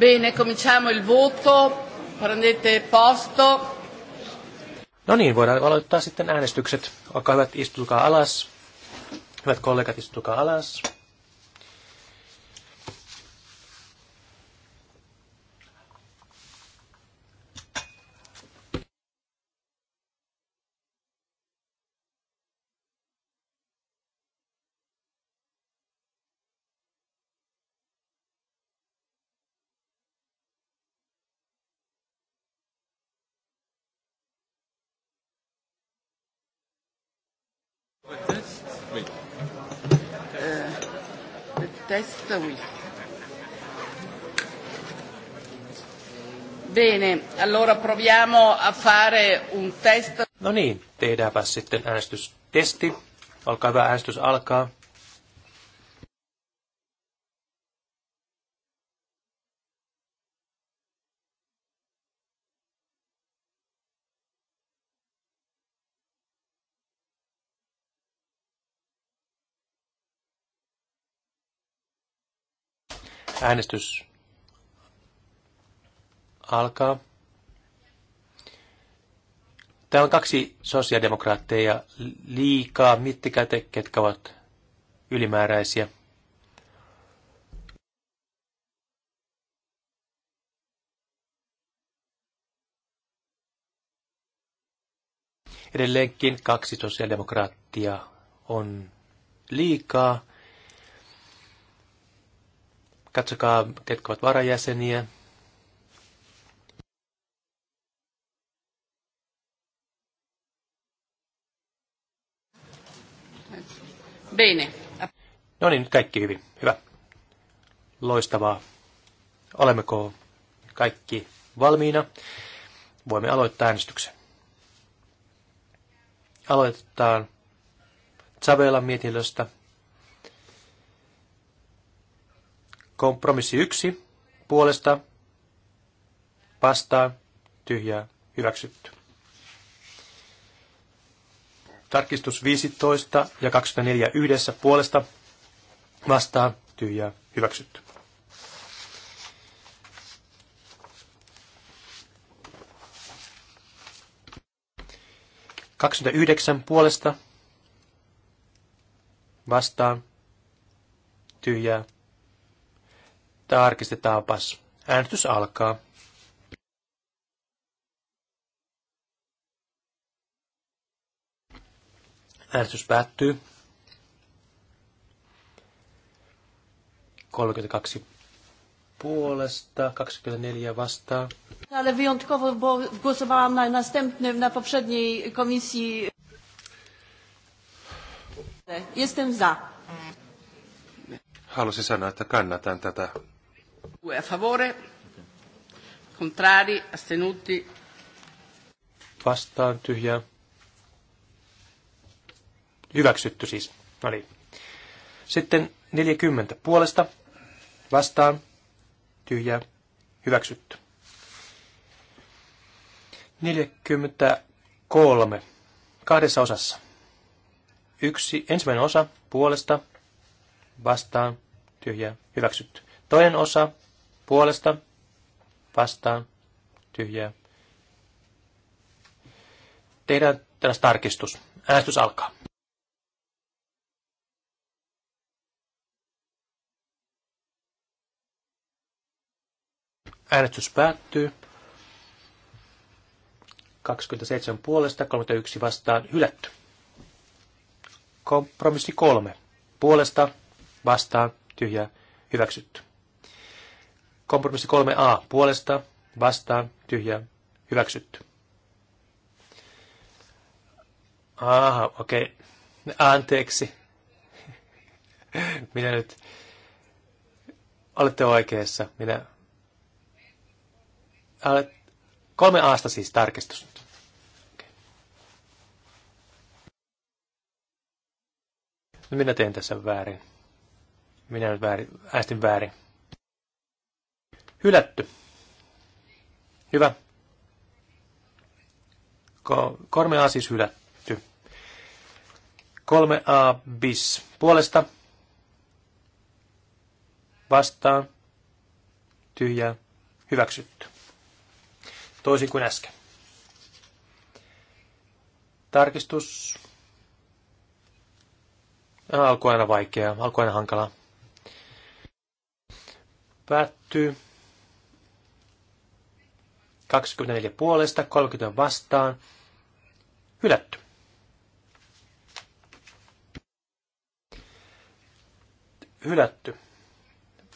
Bene, cominciamo il voto. Prendete posto. No niin, voidaan aloittaa sitten äänestykset. Olkaa hyvät, istukaa alas. Hyvät kollegat, istukaa alas. Allora proviamo a fare un test. No niin, tehdäänpä sitten äänestystesti. Olkaa hyvä, äänestys alkaa. Äänestys alkaa. Täällä on kaksi sosiaalidemokraatteja liikaa, mitkä te, ketkä ovat ylimääräisiä. Edelleenkin kaksi sosiaalidemokraattia on liikaa. Katsokaa, ketkä ovat varajäseniä. Bene. No niin, nyt kaikki hyvin. Hyvä. Loistavaa. Olemmeko kaikki valmiina? Voimme aloittaa äänestyksen. Aloitetaan Savelan mietinnöstä. Kompromissi yksi puolesta vastaan tyhjää hyväksytty. Tarkistus 15 ja 24 yhdessä puolesta vastaa tyhjää hyväksytty. yhdeksän puolesta vastaan tyhjää. Tarkistetaanpas. Äänestys alkaa. Äänestys päättyy. 32 puolesta, 24 vastaan. Ale wyjątkowo, bo głosowałam na następnym, na poprzedniej komisji. Jestem za. Halusin sanoa, että kannatan tätä. A favore, contrari, astenuti. Vastaan tyhjää. Hyväksytty siis. No niin. Sitten 40 puolesta vastaan tyhjää hyväksytty. 43 kahdessa osassa. Yksi, ensimmäinen osa puolesta vastaan tyhjää hyväksytty. Toinen osa puolesta vastaan tyhjää. Tehdään tällaista tarkistus. Äänestys alkaa. Äänestys päättyy. 27 puolesta, 31 vastaan hylätty. Kompromissi 3. Puolesta, vastaan, tyhjä, hyväksytty. Kompromissi 3a. Puolesta, vastaan, tyhjä, hyväksytty. Aha, okei. Okay. Anteeksi. Minä nyt... Olette oikeassa. Minä Äh, kolme aasta siis tarkistus. No minä teen tässä väärin. Minä nyt väärin, äästin väärin. Hylätty. Hyvä. Kolme A siis hylätty. Kolme A bis puolesta. Vastaan. Tyhjää. Hyväksytty toisin kuin äsken. Tarkistus. Äh, alku aina vaikeaa, alku aina hankalaa. Päättyy. 24 puolesta, 30 vastaan. Hylätty. Hylätty.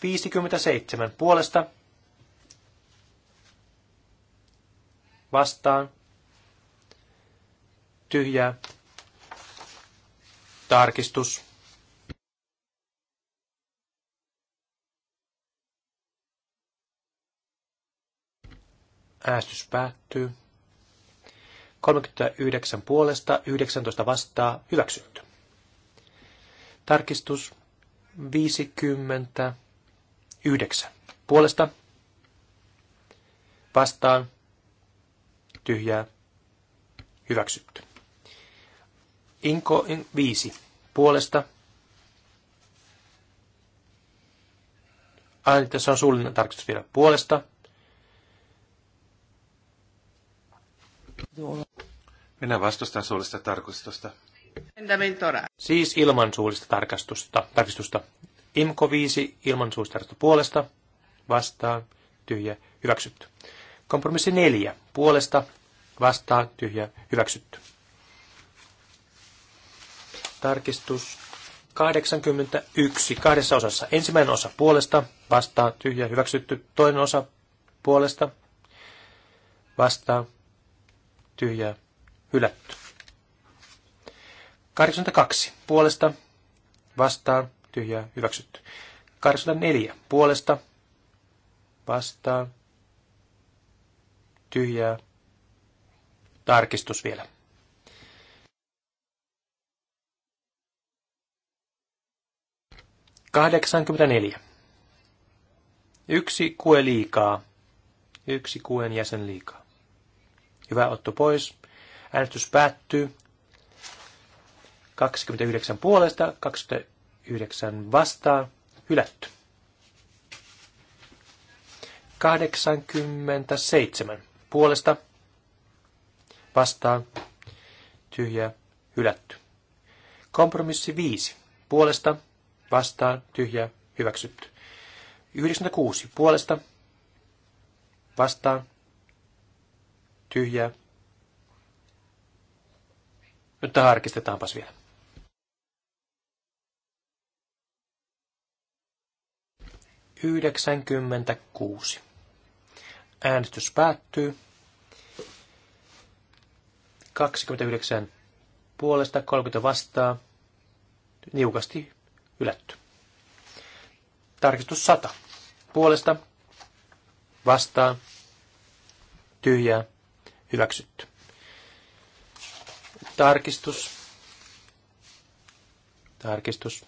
57 puolesta, vastaan, tyhjää, tarkistus. Äästys päättyy. 39 puolesta, 19 vastaa, hyväksytty. Tarkistus 59. Puolesta vastaan tyhjää hyväksytty. Inko 5 puolesta. Aina tässä on suullinen tarkistus vielä puolesta. Minä vastustan suullista tarkistusta. Siis ilman suullista tarkastusta, tarkistusta. Imko 5 ilman suullista tarkistusta puolesta vastaan tyhjä hyväksytty. Kompromissi neljä. Puolesta vastaa tyhjä hyväksytty. Tarkistus 81 kahdessa osassa. Ensimmäinen osa puolesta vastaa tyhjä hyväksytty. Toinen osa puolesta vastaa tyhjä hylätty. 82 puolesta vastaa tyhjä hyväksytty. 84 puolesta vastaa tyhjää. Tarkistus vielä. Kahdeksankymmentäneljä. Yksi kue liikaa. Yksi kuen jäsen liikaa. Hyvä, Otto pois. Äänestys päättyy. 29 puolesta, 29 vastaan. Hylätty. 87 puolesta vastaan tyhjää hylätty. Kompromissi 5 puolesta vastaan tyhjää hyväksytty. 96 puolesta vastaan tyhjää. Nyt tarkistetaanpas vielä. Yhdeksänkymmentäkuusi. Äänestys päättyy. 29 puolesta, 30 vastaa, niukasti ylätty. Tarkistus 100. Puolesta, vastaa, tyhjää, hyväksytty. Tarkistus. Tarkistus.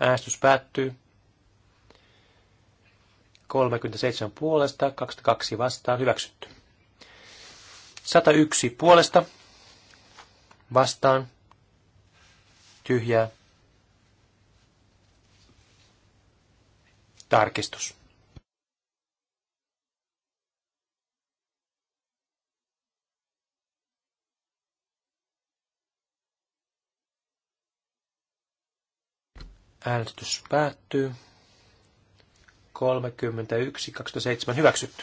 Äänestys päättyy. 37 puolesta, 22 vastaan, hyväksytty. 101 puolesta, vastaan, tyhjää, tarkistus. Äänestys päättyy. 31, 27 hyväksytty.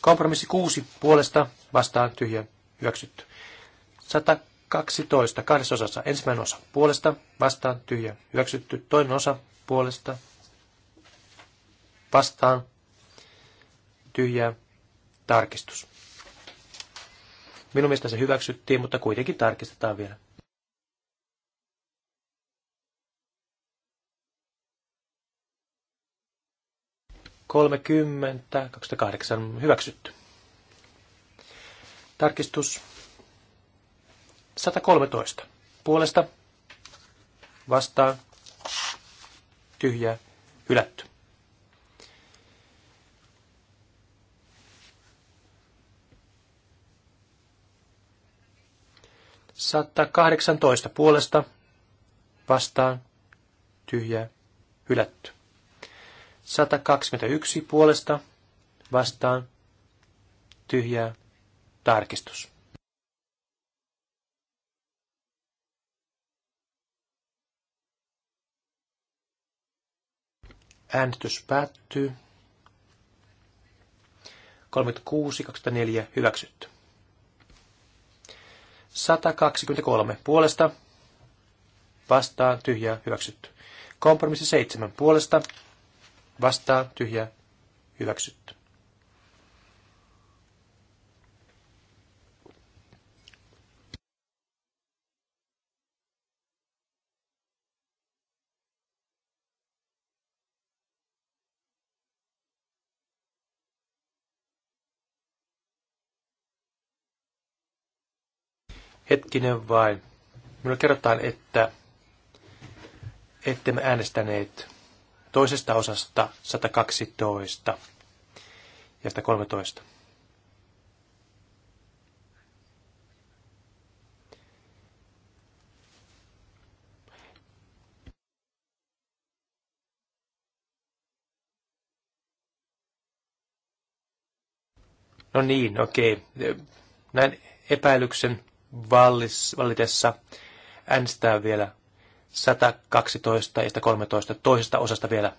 Kompromissi 6 puolesta vastaan tyhjä hyväksytty. 112 kahdessa osassa ensimmäinen osa puolesta vastaan tyhjä hyväksytty. Toinen osa puolesta vastaan tyhjä tarkistus. Minun mielestä se hyväksyttiin, mutta kuitenkin tarkistetaan vielä. 30, 2008 hyväksytty. Tarkistus 113. Puolesta vastaan tyhjä hylätty. Saattaa 18 puolesta vastaan tyhjä hylätty. 121 puolesta vastaan tyhjää tarkistus. Äänestys päättyy. 36-24 hyväksytty. 123 puolesta vastaan tyhjää hyväksytty. Kompromissi 7 puolesta Vastaa tyhjä hyväksytty. Hetkinen vain. Minulle kerrotaan, että ettemme äänestäneet toisesta osasta 112 ja 113. No niin, okei. Näin epäilyksen vallis, vallitessa äänestää vielä 112 ja 113 toisesta osasta vielä.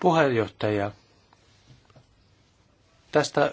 Puheenjohtaja, tästä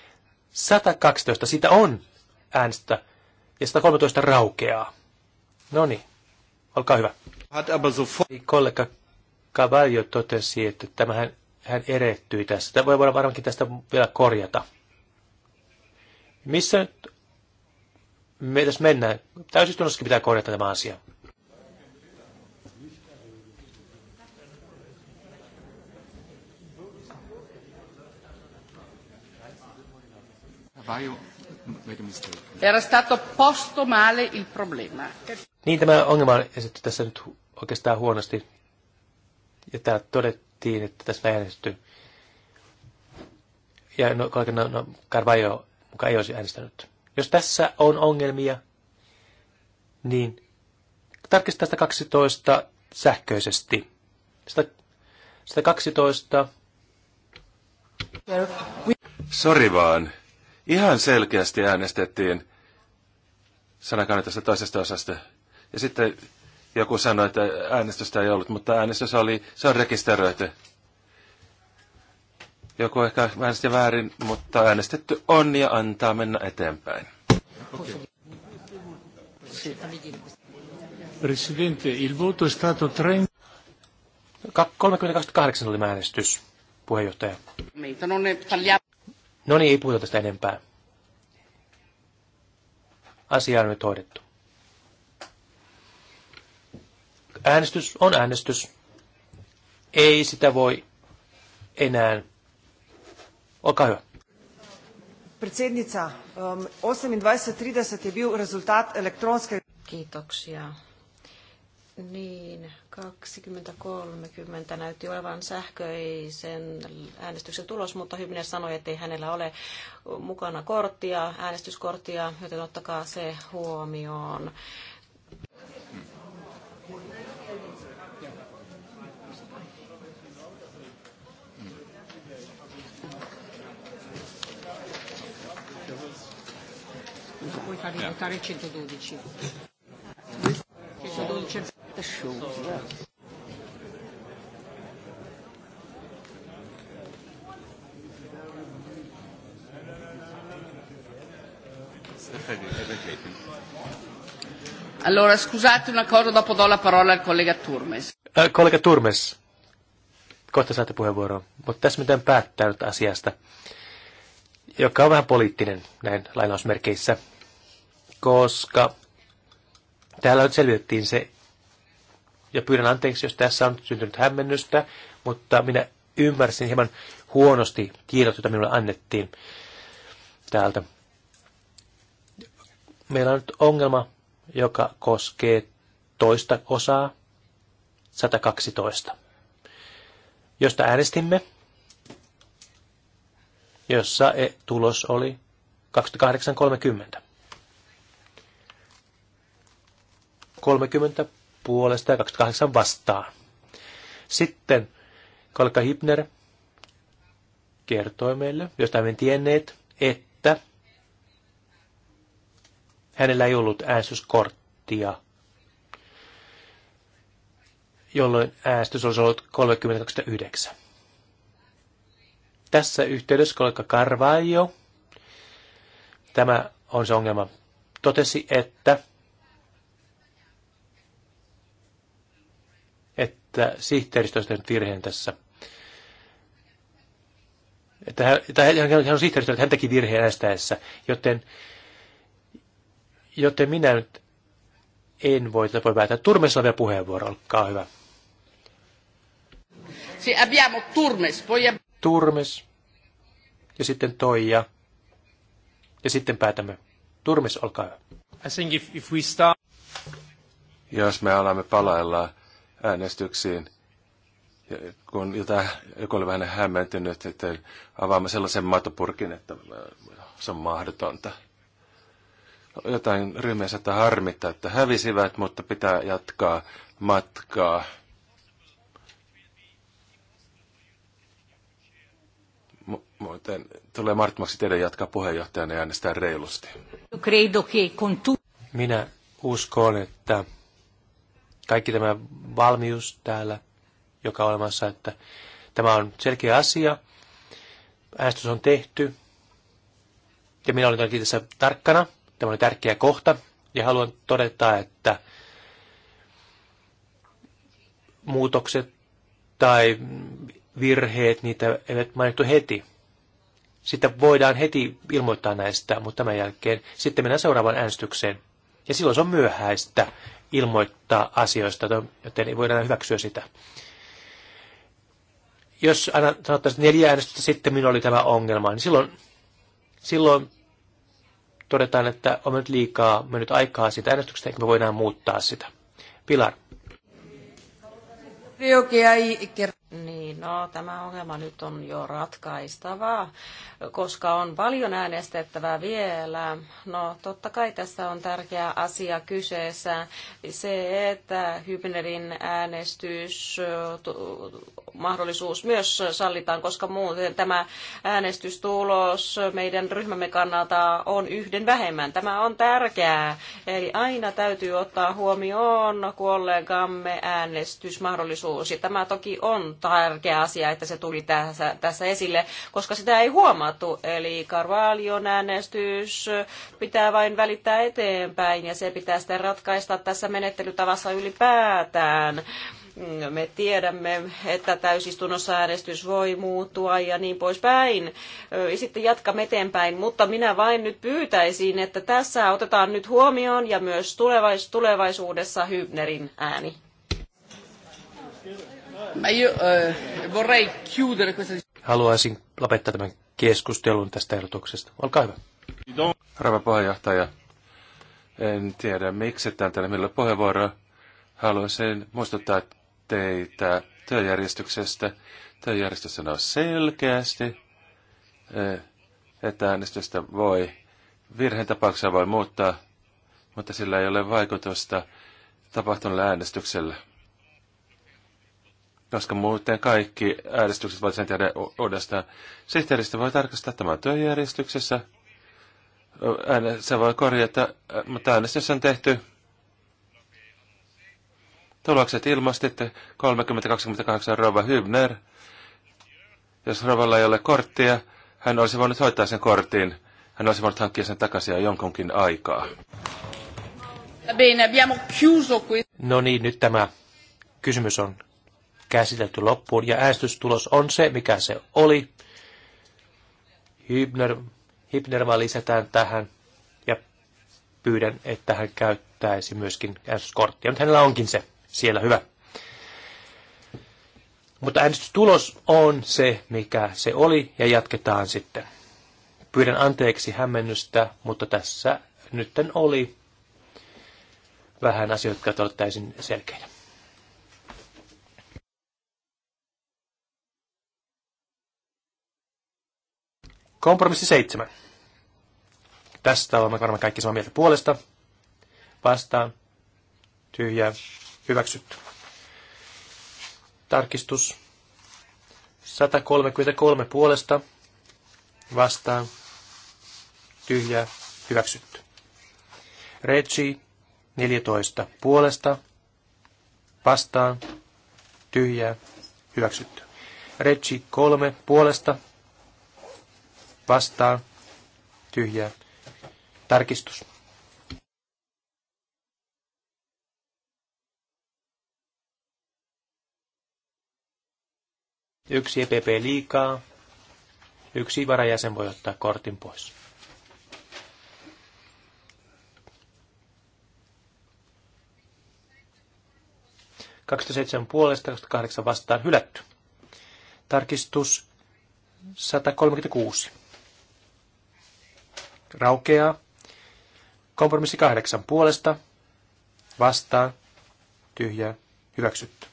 112, sitä on äänestä ja 113 raukeaa. No niin, olkaa hyvä. Kollega Cavallo totesi, että tämähän hän erehtyi tässä. Tämä voi voida varmaankin tästä vielä korjata. Missä nyt me tässä mennään? Täysistunnossakin pitää korjata tämä asia. Era stato posto male il problema. Niin tämä ongelma on esitetty tässä nyt oikeastaan huonosti. Ja täällä todettiin, että tässä äänestetty. Ja no, kaiken no-, no Carvalho mukaan ei olisi äänestänyt. Jos tässä on ongelmia, niin sitä 12 sähköisesti. 12... Sori vaan ihan selkeästi äänestettiin sanakaan tästä toisesta osasta. Ja sitten joku sanoi, että äänestystä ei ollut, mutta äänestys oli, se on rekisteröity. Joku ehkä äänesti väärin, mutta äänestetty on ja antaa mennä eteenpäin. Okay. Presidente, il voto è stato 30... 30.28 oli äänestys, puheenjohtaja. No niin, ei puhuta tästä enempää. Asia on nyt hoidettu. Äänestys on äänestys. Ei sitä voi enää. Olkaa hyvä. Predsednica, 28.30 um, je bil rezultat elektronske... Kiitoksia niin, 2030 näytti olevan sähköisen äänestyksen tulos, mutta Hyminen sanoi, että ei hänellä ole mukana korttia, äänestyskorttia, joten ottakaa se huomioon. puoi farli votare 112. 112 the show Allora, scusate una cosa, dopo do la parola al collega Turmes. Äh, collega Turmes, kohta saatte puheenvuoron, mutta tässä miten päättää nyt asiasta, joka on vähän poliittinen näin lainausmerkeissä, koska täällä nyt selvitettiin se ja pyydän anteeksi, jos tässä on syntynyt hämmennystä, mutta minä ymmärsin hieman huonosti tiedot, joita minulle annettiin täältä. Meillä on nyt ongelma, joka koskee toista osaa, 112, josta äänestimme, jossa e tulos oli 28.30. 30 puolesta ja 28 vastaan. Sitten Kalka Hipner kertoi meille, josta emme tienneet, että hänellä ei ollut äänestyskorttia, jolloin äänestys olisi ollut 3029. Tässä yhteydessä Kalka Carvalho, tämä on se ongelma, totesi, että että sihteeristö on tehnyt virheen tässä. Että hän, tai hän, on sihteeristö, että hän teki virheen äästäessä, joten, joten minä nyt en voi tätä voi päättää. Turmes on vielä puheenvuoro, olkaa hyvä. Si abbiamo Turmes, poi... Turmes, ja sitten Toija, ja sitten päätämme. Turmes, olkaa hyvä. I think if, if we start... Jos me alamme palaillaan äänestyksiin, ja kun jotain, joku oli vähän hämmentynyt, että avaamme sellaisen matopurkin, että äh, se on mahdotonta. Jotain ryhmiä saattaa harmittaa, että hävisivät, mutta pitää jatkaa matkaa. Muuten tulee martmaksi teidän jatkaa puheenjohtajana ja äänestää reilusti. Minä uskon, että kaikki tämä valmius täällä, joka on olemassa, että tämä on selkeä asia, äänestys on tehty, ja minä olin toki tässä tarkkana, tämä oli tärkeä kohta, ja haluan todeta, että muutokset tai virheet, niitä eivät mainittu heti. Sitä voidaan heti ilmoittaa näistä, mutta tämän jälkeen sitten mennään seuraavaan äänestykseen. Ja silloin se on myöhäistä, ilmoittaa asioista, joten ei voida hyväksyä sitä. Jos aina sanottaisiin neljä äänestystä, sitten minulla oli tämä ongelma, niin silloin, silloin todetaan, että on nyt liikaa mennyt aikaa siitä äänestyksestä, eikä me voidaan muuttaa sitä. Pilar. No, tämä ongelma nyt on jo ratkaistava, koska on paljon äänestettävää vielä. No, totta kai tässä on tärkeä asia kyseessä. Se, että Hybnerin äänestys mahdollisuus myös sallitaan, koska muuten tämä äänestystulos meidän ryhmämme kannalta on yhden vähemmän. Tämä on tärkeää. Eli aina täytyy ottaa huomioon kollegamme äänestysmahdollisuus. Ja tämä toki on tärkeää tärkeä asia, että se tuli tässä, tässä esille, koska sitä ei huomattu. Eli Karvalion äänestys pitää vain välittää eteenpäin ja se pitää sitten ratkaista tässä menettelytavassa ylipäätään me tiedämme, että täysistunnossa äänestys voi muuttua ja niin poispäin. Sitten jatkamme eteenpäin, mutta minä vain nyt pyytäisin, että tässä otetaan nyt huomioon ja myös tulevaisuudessa Hybnerin ääni. Eh, vorrei chiudere questa... Haluaisin lopettaa tämän keskustelun tästä ehdotuksesta. Olkaa hyvä. Rava puheenjohtaja, en tiedä miksi tämän tällä millä puheenvuoroa. Haluaisin muistuttaa teitä työjärjestyksestä. Työjärjestys sanoo selkeästi, eh, että äänestystä voi, virheen tapauksia voi muuttaa, mutta sillä ei ole vaikutusta tapahtuneelle äänestykselle koska muuten kaikki äänestykset sen tehdä uudestaan. Sihteeristä voi tarkastaa tämän työjärjestyksessä. Se voi korjata, mutta äänestys on tehty. Tulokset ilmastitte 30-28 Rova Hübner. Jos Rovalla ei ole korttia, hän olisi voinut hoitaa sen kortin. Hän olisi voinut hankkia sen takaisin jo jonkunkin aikaa. No niin, nyt tämä kysymys on käsitelty loppuun ja äänestystulos on se, mikä se oli. Hybner, Hybner vaan lisätään tähän ja pyydän, että hän käyttäisi myöskin äänestyskorttia. Mutta hänellä onkin se siellä hyvä. Mutta äänestystulos on se, mikä se oli ja jatketaan sitten. Pyydän anteeksi hämmennystä, mutta tässä nytten oli vähän asioita, jotka ovat täysin selkeitä. Kompromissi seitsemän. Tästä olemme varmaan kaikki samaa mieltä puolesta. Vastaan. Tyhjää. Hyväksytty. Tarkistus. 133 puolesta. Vastaan. Tyhjää. Hyväksytty. Reggie 14 puolesta. Vastaan. Tyhjää. Hyväksytty. Reggie 3 puolesta Vastaa tyhjää, tarkistus. Yksi EPP liikaa. Yksi varajäsen voi ottaa kortin pois. puolesta, 28 vastaan hylätty. Tarkistus 136 raukeaa. Kompromissi kahdeksan puolesta, vastaan, Tyhjä. hyväksytty.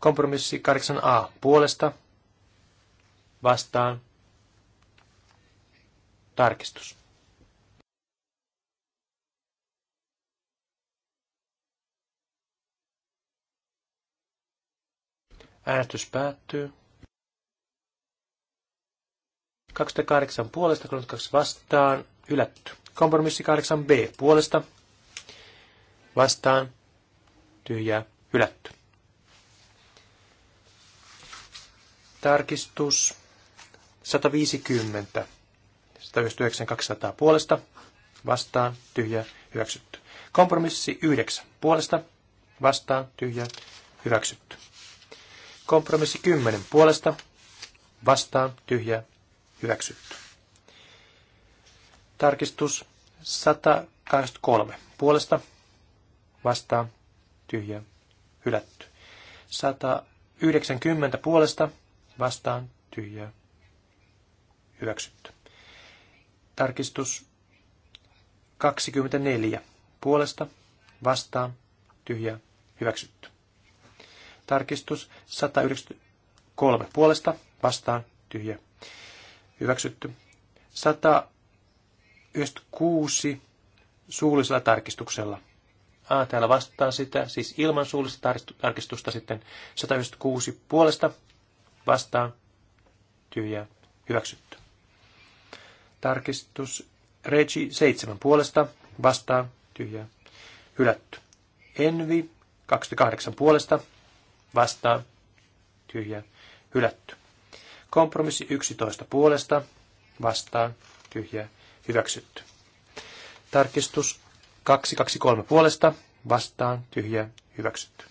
Kompromissi kahdeksan a puolesta, vastaan, tarkistus. Äänestys päättyy. 28 puolesta, 32 vastaan, hylätty. Kompromissi 8b puolesta, vastaan, tyhjää, hylätty. Tarkistus 150, 199, 200 puolesta, vastaan, tyhjä, hyväksytty. Kompromissi 9 puolesta, vastaan, tyhjä, hyväksytty. Kompromissi 10 puolesta, vastaan, tyhjä, hyväksytty. Tarkistus 183. Puolesta vastaan tyhjä hylätty. 190 puolesta vastaan tyhjä hyväksytty. Tarkistus 24. Puolesta vastaan tyhjä hyväksytty. Tarkistus 193. Puolesta vastaan tyhjä hyväksytty. 196 suullisella tarkistuksella. A, täällä vastataan sitä, siis ilman suullista tarkistusta sitten 196 puolesta vastaan tyhjää hyväksytty. Tarkistus Regi 7 puolesta vastaan tyhjää hylätty. Envi 28 puolesta vastaan tyhjää hylätty. Kompromissi 11 puolesta vastaan tyhjä hyväksytty. Tarkistus 223 puolesta vastaan tyhjä hyväksytty.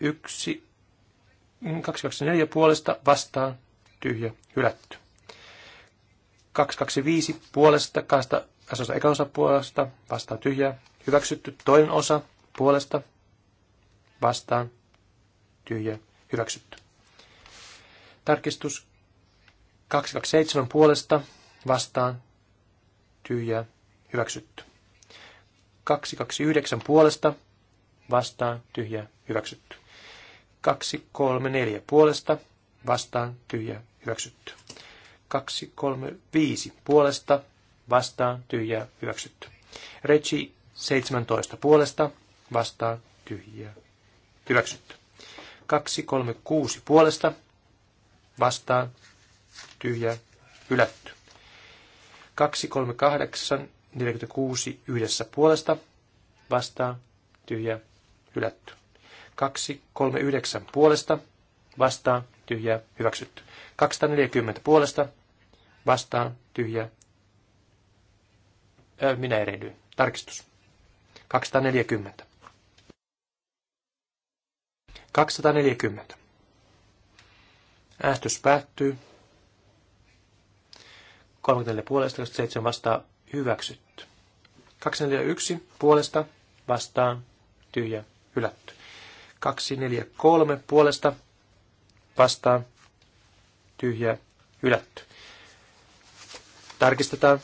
1, 224 mm, puolesta vastaan tyhjä hylätty. 225 puolesta kahdesta asosta eka osa puolesta vastaan tyhjä hyväksytty. Toinen osa puolesta vastaan tyhjä hyväksytty. Tarkistus 227 puolesta vastaan tyhjää hyväksytty. 229 puolesta vastaan tyhjää hyväksytty. 234 puolesta vastaan tyhjä hyväksytty. 235 puolesta vastaan tyhjä hyväksytty. Regi 17 puolesta vastaan tyhjä hyväksytty. 236 puolesta vastaan tyhjää, hylätty. 238, 46 yhdessä puolesta, vastaan, tyhjää, hylätty. 239 puolesta, vastaan, tyhjä, hyväksytty. 240 puolesta, vastaan, tyhjä, öö, minä erehdyin, tarkistus. 240. 240. Äänestys päättyy. 34 puolesta, 27 vastaa hyväksytty. 241 puolesta vastaan tyhjä hylätty. 243 puolesta vastaan tyhjä hylätty. Tarkistetaan.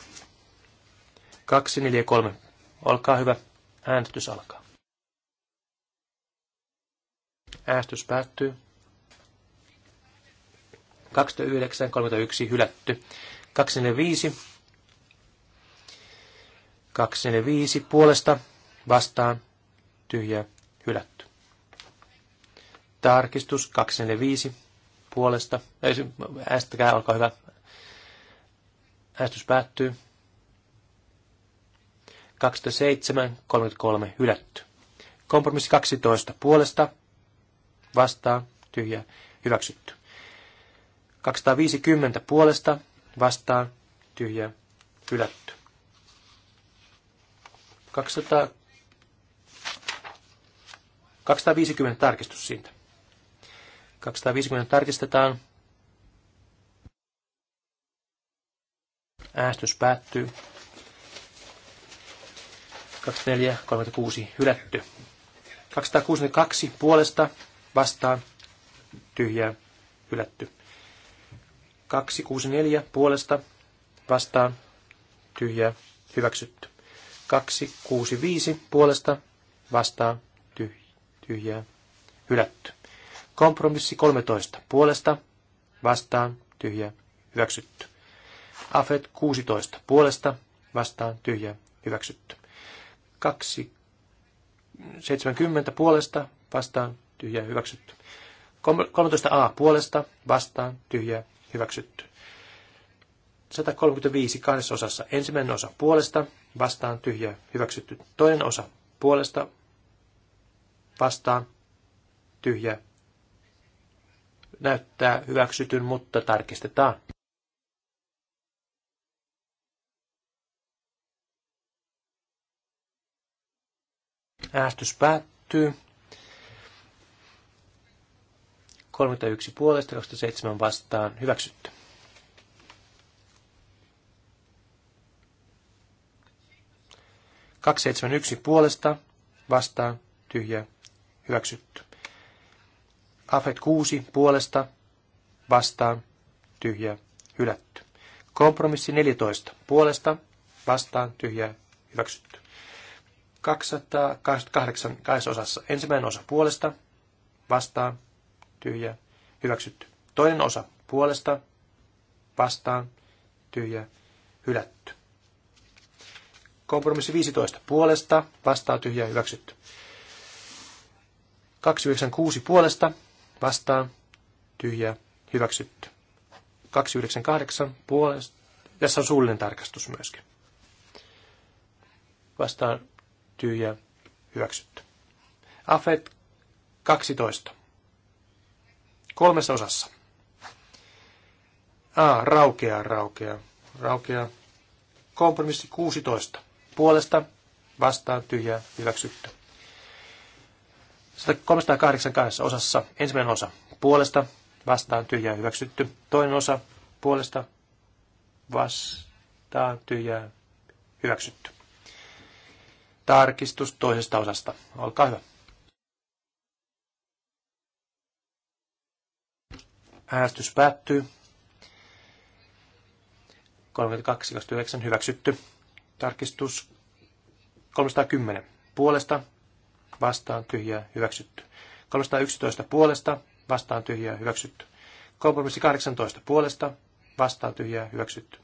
243. Olkaa hyvä. Äänestys alkaa. Äänestys päättyy. 29.31 hylätty. 245. 245 puolesta vastaan tyhjä hylätty. Tarkistus 245 puolesta. Äästäkää, olkaa hyvä. Äästys päättyy. 27, 33 hylätty. Kompromissi 12 puolesta vastaan tyhjä hyväksytty. 250 puolesta vastaan tyhjä hylätty. 200, 250 tarkistus siitä. 250 tarkistetaan. Äänestys päättyy. 24, 36 hylätty. 262 puolesta vastaan tyhjää hylätty. 264 puolesta vastaan tyhjää hyväksytty. 265 puolesta vastaan tyhjää hylätty. Kompromissi 13 puolesta vastaan tyhjää hyväksytty. Afet 16 puolesta vastaan tyhjää hyväksytty. 270 puolesta vastaan tyhjää hyväksytty. 13a puolesta vastaan tyhjää hyväksytty. 135 kahdessa osassa. Ensimmäinen osa puolesta, vastaan tyhjä, hyväksytty. Toinen osa puolesta, vastaan tyhjä, näyttää hyväksytyn, mutta tarkistetaan. Äänestys päättyy. 31 puolesta 27 vastaan hyväksytty. Kaksi seitsemän yksi puolesta vastaan tyhjä hyväksytty. Afet 6 puolesta vastaan tyhjä hylätty. Kompromissi 14 puolesta vastaan tyhjä hyväksytty. 288 kahdessa osassa. Ensimmäinen osa puolesta vastaan tyhjä, hyväksytty. Toinen osa puolesta, vastaan, tyhjä, hylätty. Kompromissi 15 puolesta, vastaan, tyhjä, hyväksytty. 296 puolesta, vastaan, tyhjä, hyväksytty. 298 puolesta, tässä on suullinen tarkastus myöskin. Vastaan tyhjä hyväksytty. Afet 12 Kolmessa osassa. A, raukeaa, raukeaa, raukeaa. Kompromissi 16. Puolesta, vastaan, tyhjää, hyväksytty. 382 osassa. Ensimmäinen osa. Puolesta, vastaan, tyhjää, hyväksytty. Toinen osa. Puolesta, vastaan, tyhjää, hyväksytty. Tarkistus toisesta osasta. Olkaa hyvä. Äänestys päättyy. 32.29 hyväksytty. Tarkistus 310 puolesta, vastaan tyhjää hyväksytty. 311 puolesta, vastaan tyhjää hyväksytty. Kompromissi 18 puolesta, vastaan tyhjää hyväksytty.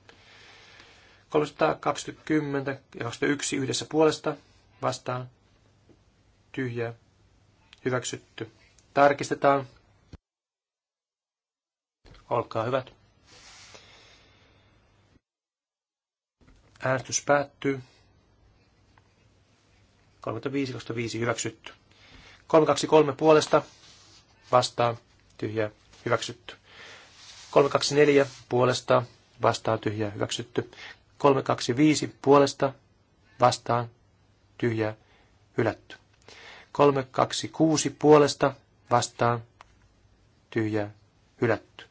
320 ja 21 yhdessä puolesta, vastaan tyhjää hyväksytty. Tarkistetaan Olkaa hyvät. Äänestys päättyy. 35 hyväksytty. 323 puolesta vastaan tyhjä hyväksytty. 324 puolesta vastaan tyhjä hyväksytty. 325 puolesta vastaan tyhjä hylätty. 326 puolesta vastaan tyhjä hylätty.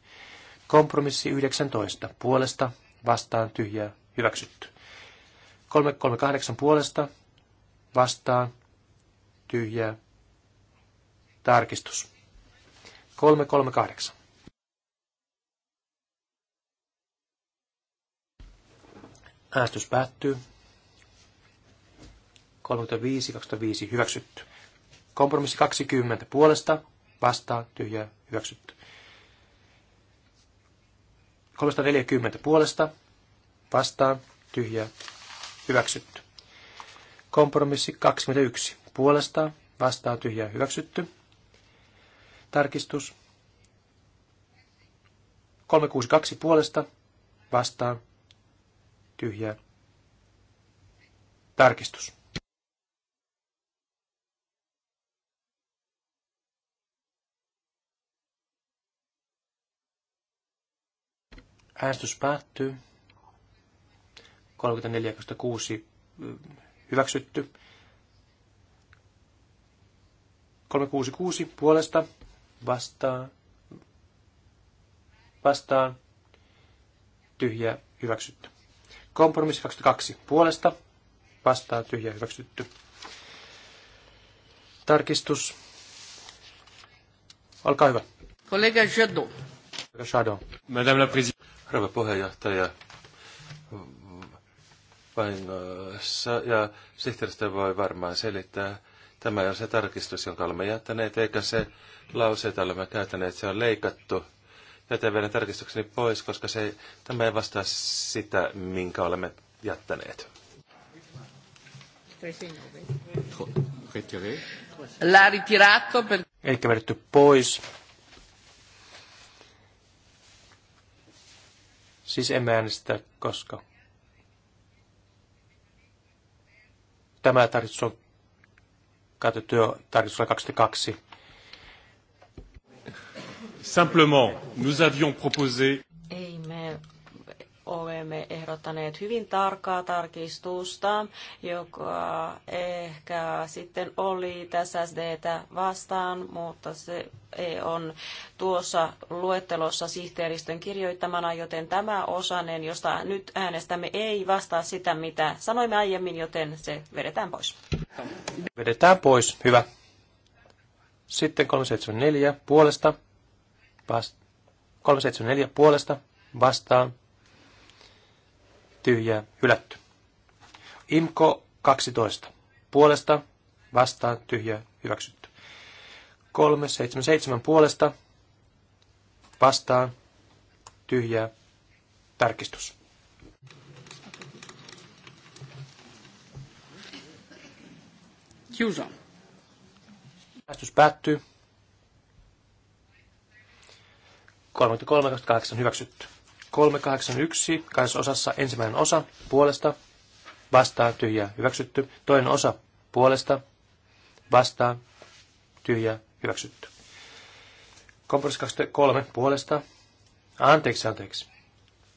Kompromissi 19. Puolesta vastaan tyhjää hyväksytty. 338 puolesta vastaan tyhjää tarkistus. 338. Äänestys päättyy. 35-25 hyväksytty. Kompromissi 20 puolesta, vastaan, tyhjää, hyväksytty. 340 puolesta vastaan tyhjä hyväksytty. Kompromissi 21 puolesta vastaan tyhjä hyväksytty. Tarkistus 362 puolesta vastaan tyhjä tarkistus. Äänestys päättyy. 34,6 hyväksytty. 366 puolesta vastaan. Vastaan. Tyhjä hyväksytty. Kompromissi 22 puolesta vastaan tyhjä hyväksytty. Tarkistus. Olkaa hyvä. Kollega Shadow. Shadow. Madame la rouva puheenjohtaja vain ja sihteeristö voi varmaan selittää. Tämä on se tarkistus, jonka olemme jättäneet, eikä se lause, jota olemme käyttäneet, se on leikattu. Jätän vielä tarkistukseni pois, koska se, tämä ei vastaa sitä, minkä olemme jättäneet. La ritirato per... Eli vedetty pois Siis emme äänestä, koska tämä tarkistus on katettu jo tarkistuksella 22. Simplement, nous avions proposé olemme ehdottaneet hyvin tarkkaa tarkistusta, joka ehkä sitten oli tässä SDtä vastaan, mutta se on tuossa luettelossa sihteeristön kirjoittamana, joten tämä osanen, josta nyt äänestämme, ei vastaa sitä, mitä sanoimme aiemmin, joten se vedetään pois. Vedetään pois, hyvä. Sitten 374 puolesta, vast, 374 puolesta vastaan tyhjää, hylätty. Imko 12. Puolesta, vastaan, tyhjää, hyväksytty. 377 puolesta, vastaan, tyhjää, tarkistus. Kiusa. Päästys päättyy. 33.28 hyväksytty. 381, kahdessa osassa, ensimmäinen osa, puolesta, vastaa tyhjä hyväksytty. Toinen osa, puolesta, vastaa tyhjä hyväksytty. Kompromissi 23, puolesta, anteeksi, anteeksi.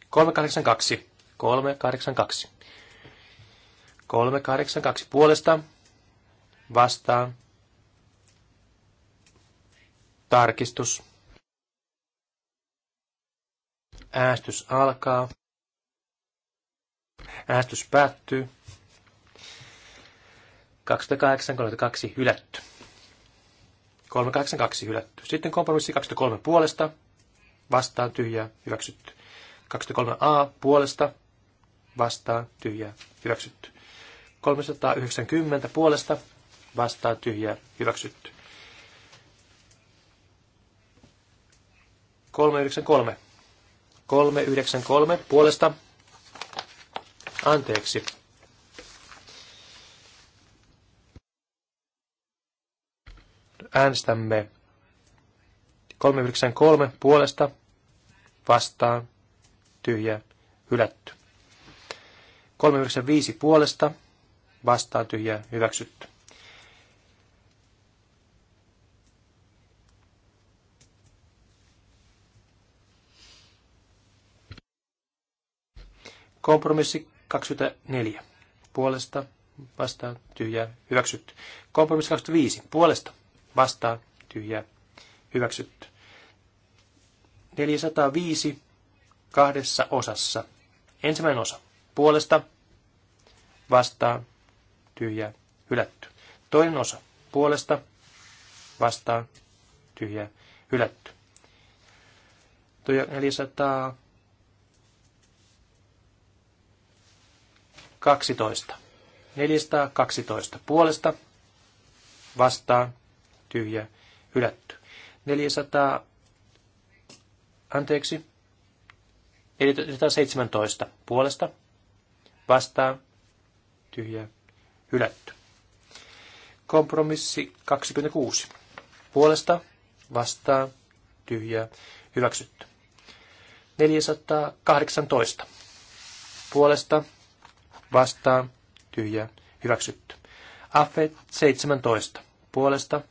382, 382. 382, puolesta, vastaan, tarkistus, Äästys alkaa. Äästys päättyy. 2832 hylätty. 382 hylätty. Sitten kompromissi 23 puolesta. Vastaan tyhjä hyväksytty. 23a puolesta. Vastaan tyhjä hyväksytty. 390 puolesta. Vastaan tyhjä hyväksytty. 393 393 puolesta. Anteeksi. Äänestämme 393 puolesta vastaan tyhjä hylätty. 395 puolesta vastaan tyhjä hyväksytty. Kompromissi 24. Puolesta vastaan tyhjää hyväksytty. Kompromissi 25. Puolesta vastaan tyhjää hyväksytty. 405 kahdessa osassa. Ensimmäinen osa. Puolesta vastaan tyhjää hylätty. Toinen osa. Puolesta vastaan tyhjää hylätty. 400 12. 412 puolesta vastaan tyhjä hylätty. 400, anteeksi, 417 puolesta vastaan tyhjä hylätty. Kompromissi 26 puolesta vastaan tyhjä hyväksytty. 418 puolesta vastaan, tyhjä, hyväksytty. Afet 17, puolesta,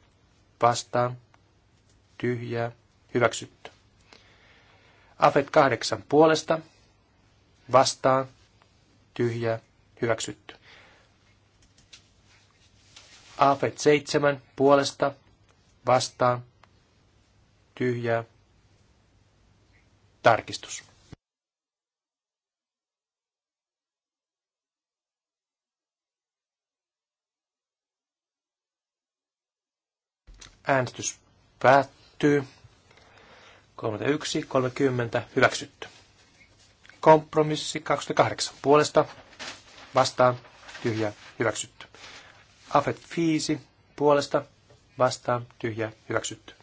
vastaan, tyhjä hyväksytty. Afet 8, puolesta, vastaan, tyhjä hyväksytty. Afet 7, puolesta, vastaan, tyhjä tarkistus. Äänestys päättyy. 31, 30, hyväksytty. Kompromissi 28, puolesta, vastaan, tyhjä, hyväksytty. Afet 5, puolesta, vastaan, tyhjä, hyväksytty.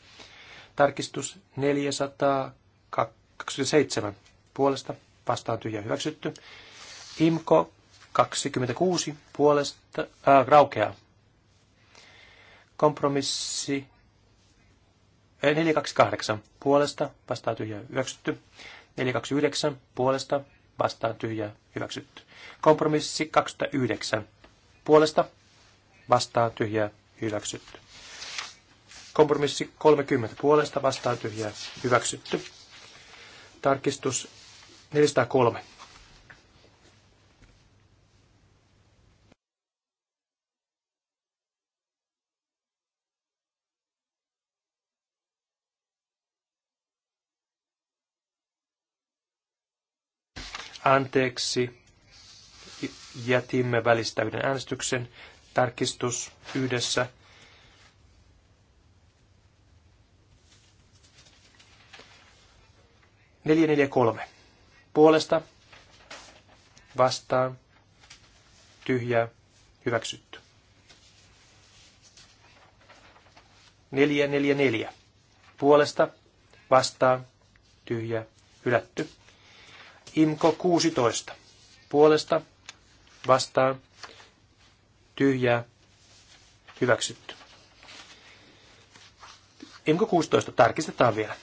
Tarkistus 427, puolesta, vastaan, tyhjä, hyväksytty. Imko 26, puolesta, äh, raukeaa, Kompromissi 428 puolesta vastaan tyhjä hyväksytty. 429 puolesta vastaan tyhjä hyväksytty. Kompromissi 209 puolesta vastaan tyhjä hyväksytty. Kompromissi 30 puolesta vastaan tyhjä hyväksytty. Tarkistus 403 anteeksi, jätimme välistä yhden äänestyksen, tarkistus yhdessä. Neljä, neljä, kolme. Puolesta, vastaan, tyhjää, hyväksytty. Neljä, neljä, neljä. Puolesta, vastaan, tyhjä, hylätty. Imko 16. Puolesta vastaan tyhjää hyväksytty. Imko 16 tarkistetaan vielä.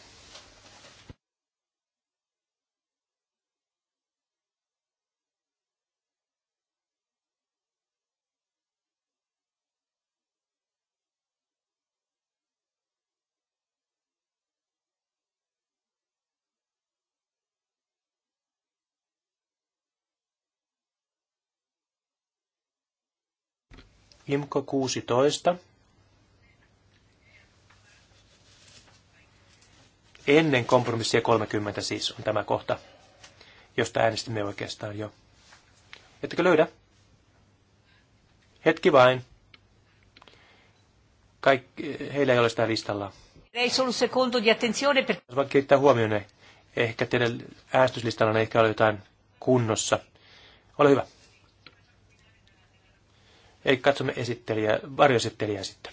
Imko 16. Ennen kompromissia 30 siis on tämä kohta, josta äänestimme oikeastaan jo. Ettekö löydä? Hetki vain. Kaikki, heillä ei ole sitä listalla. Ei se ollut di attenzione. Per... Vaan kiittää huomioon, niin ehkä teidän äänestyslistalla ei ehkä ole jotain kunnossa. Ole hyvä. Eli katsomme esittelijä, varjoesittelijää sitten.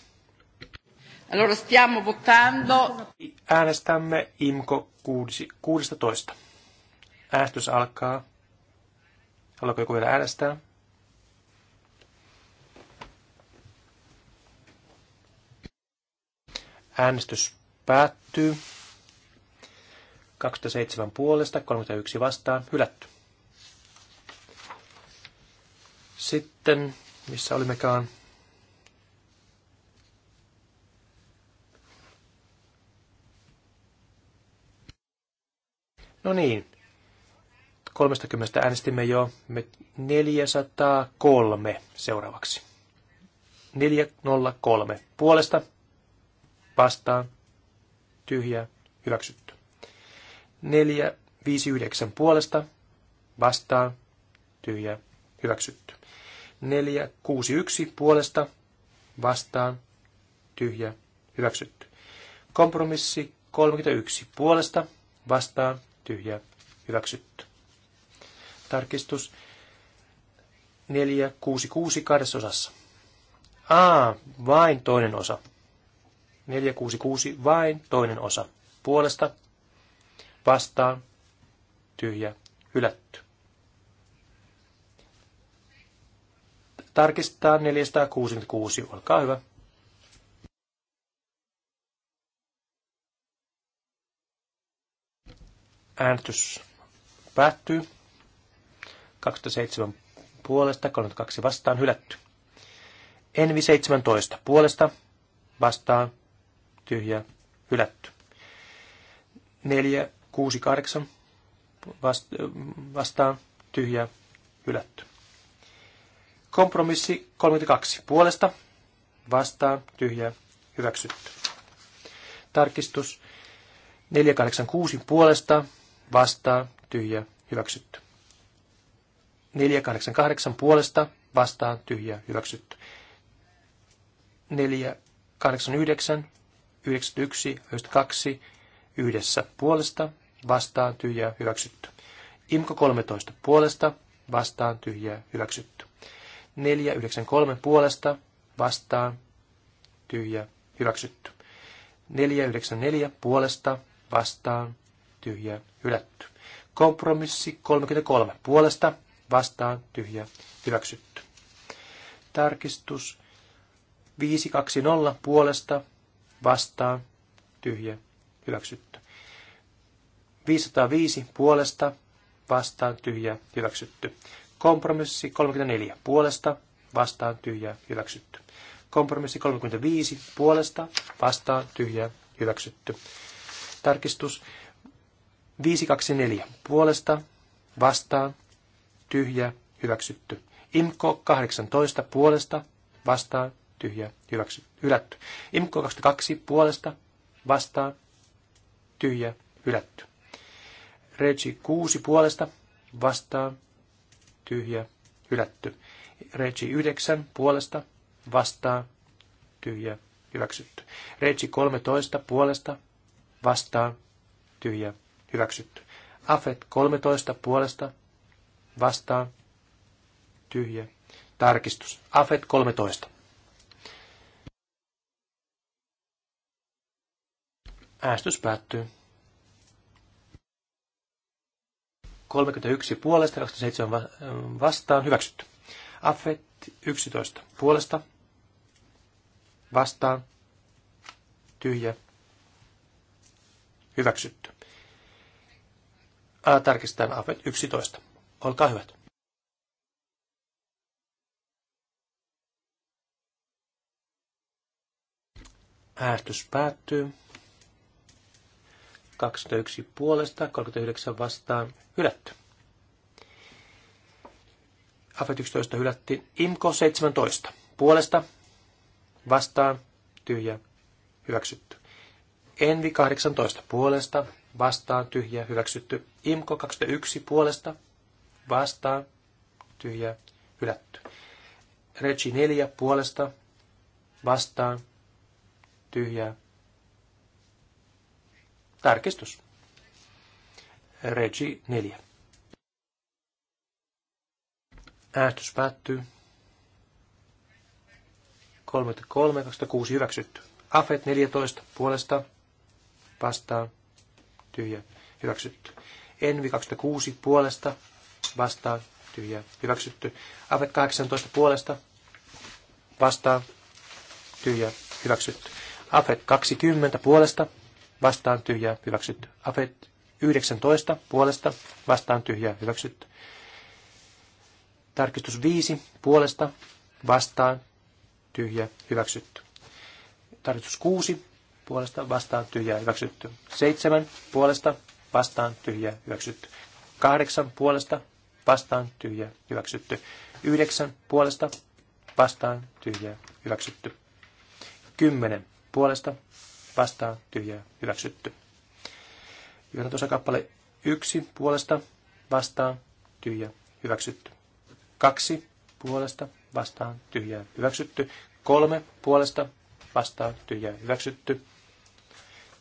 Allora stiamo votando. Äänestämme IMKO 16. Äänestys alkaa. Haluatko joku vielä äänestää? Äänestys päättyy. 27 puolesta, 31 vastaan, hylätty. Sitten missä olimmekaan. No niin, 30 äänestimme jo me 403 seuraavaksi. 403 puolesta, vastaan, tyhjä, hyväksytty. 459 puolesta, vastaan, tyhjä, hyväksytty. 4, 6, 1 puolesta vastaan tyhjä hyväksytty. Kompromissi 31 puolesta vastaan tyhjä hyväksytty. Tarkistus 4, 6, 6 kahdessa osassa. A, vain toinen osa. 466 vain toinen osa. Puolesta, vastaan, tyhjä, hylätty. tarkistetaan 466, olkaa hyvä. Äänestys päättyy. 27 puolesta, 32 vastaan, hylätty. Envi 17 puolesta, vastaan, tyhjä, hylätty. 4, 6, 8 vastaan, tyhjä, hylätty. Kompromissi 32. Puolesta, vastaan, tyhjää, hyväksytty. Tarkistus 486. Puolesta, vastaan, tyhjää, hyväksytty. 488. Puolesta, vastaan, tyhjää, hyväksytty. 489, 91, 92, yhdessä puolesta, vastaan, tyhjää, hyväksytty. Imko 13 puolesta, vastaan, tyhjää, hyväksytty. 493 puolesta vastaan tyhjä hyväksytty. 494 puolesta vastaan tyhjä hylätty. Kompromissi 33 puolesta vastaan tyhjä hyväksytty. Tarkistus 520 puolesta vastaan tyhjä hyväksytty. 505 puolesta vastaan tyhjä hyväksytty. Kompromissi 34 puolesta vastaan tyhjä hyväksytty. Kompromissi 35 puolesta vastaan tyhjä hyväksytty. Tarkistus 524 puolesta vastaan tyhjä hyväksytty. Imko 18 puolesta vastaan tyhjä hyväksytty. hylätty. Imko 22 puolesta vastaan tyhjä hylätty. Regi 6 puolesta vastaan tyhjä, hylätty. Regi 9 puolesta, vastaa, tyhjä, hyväksytty. Regi 13 puolesta, vastaa, tyhjä, hyväksytty. Afet 13 puolesta, vastaa, tyhjä, tarkistus. Afet 13. Äänestys päättyy. 31 puolesta, 27 vastaan, hyväksytty. Affet 11 puolesta, vastaan, tyhjä, hyväksytty. tarkistetaan Affet 11. Olkaa hyvät. Äänestys päättyy. 21 puolesta, 39 vastaan, hylätty. Afet 11 hylätti. Imko 17 puolesta, vastaan, tyhjä, hyväksytty. Envi 18 puolesta, vastaan, tyhjä, hyväksytty. Imko 21 puolesta, vastaan, tyhjä, hylätty. Regi 4 puolesta, vastaan, tyhjä, Tarkistus. Regi 4. Äänestys päättyy. 33, 26 hyväksytty. Afet 14 puolesta vastaan tyhjä hyväksytty. Envi 26 puolesta vastaan tyhjä hyväksytty. Afet 18 puolesta vastaan tyhjä hyväksytty. Afet 20 puolesta vastaan tyhjä, hyväksytty. Afet 19 puolesta vastaan tyhjä, hyväksytty. Tarkistus 5 puolesta vastaan tyhjä hyväksytty. Tarkistus 6 puolesta vastaan tyhjä hyväksytty. 7 puolesta vastaan tyhjä hyväksytty. 8 puolesta vastaan tyhjä hyväksytty. 9 puolesta vastaan tyhjä hyväksytty. 10 puolesta vastaan tyhjää hyväksytty. Johdatusosakappale 1 puolesta vastaan tyhjä hyväksytty. 2 puolesta vastaan tyhjää hyväksytty. 3 puolesta vastaan tyhjä hyväksytty.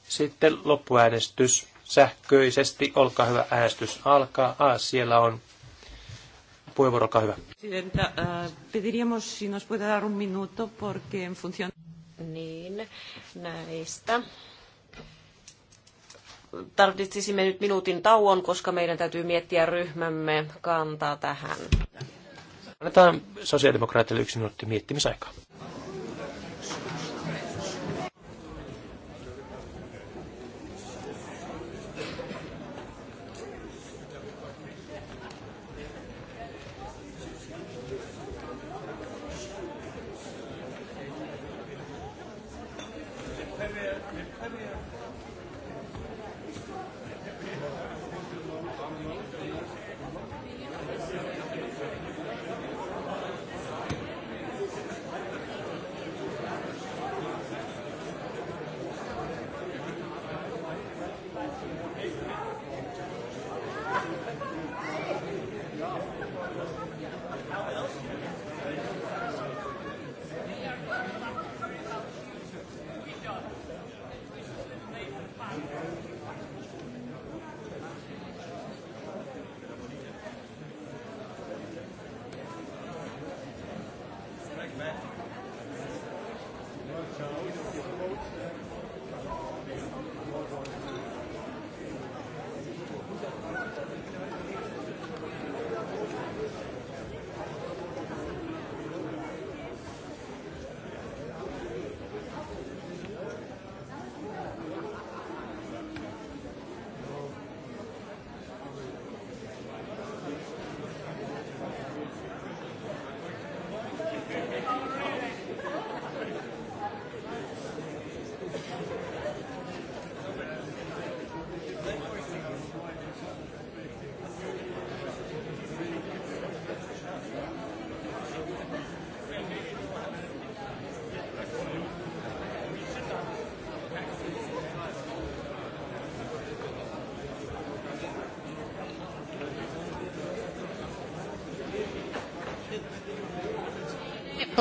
Sitten loppuäänestys sähköisesti. Olkaa hyvä, äänestys alkaa. A, siellä on puheenvuoro, olkaa hyvä. Presidenta, uh, pediríamos si nos puede dar un minuto porque en función näistä. Tarvitsisimme nyt minuutin tauon, koska meidän täytyy miettiä ryhmämme kantaa tähän. Annetaan sosiaalidemokraatille yksi minuutti miettimisaikaa.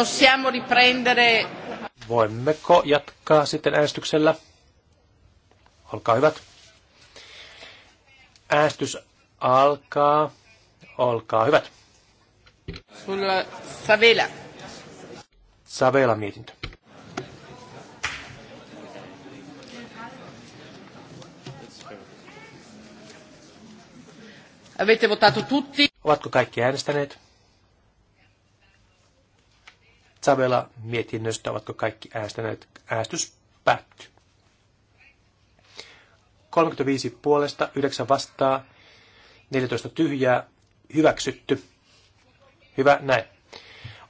Possiamo riprendere... Voimmeko jatkaa sitten äänestyksellä? Olkaa hyvät. Äänestys alkaa. Olkaa hyvät. Sulla Savela. Savela mietintö. Avete votato tutti? Ovatko kaikki äänestäneet? Savela mietinnöstä, ovatko kaikki äänestäneet. Äänestys päättyy. 35 puolesta, 9 vastaa, 14 tyhjää, hyväksytty. Hyvä, näin.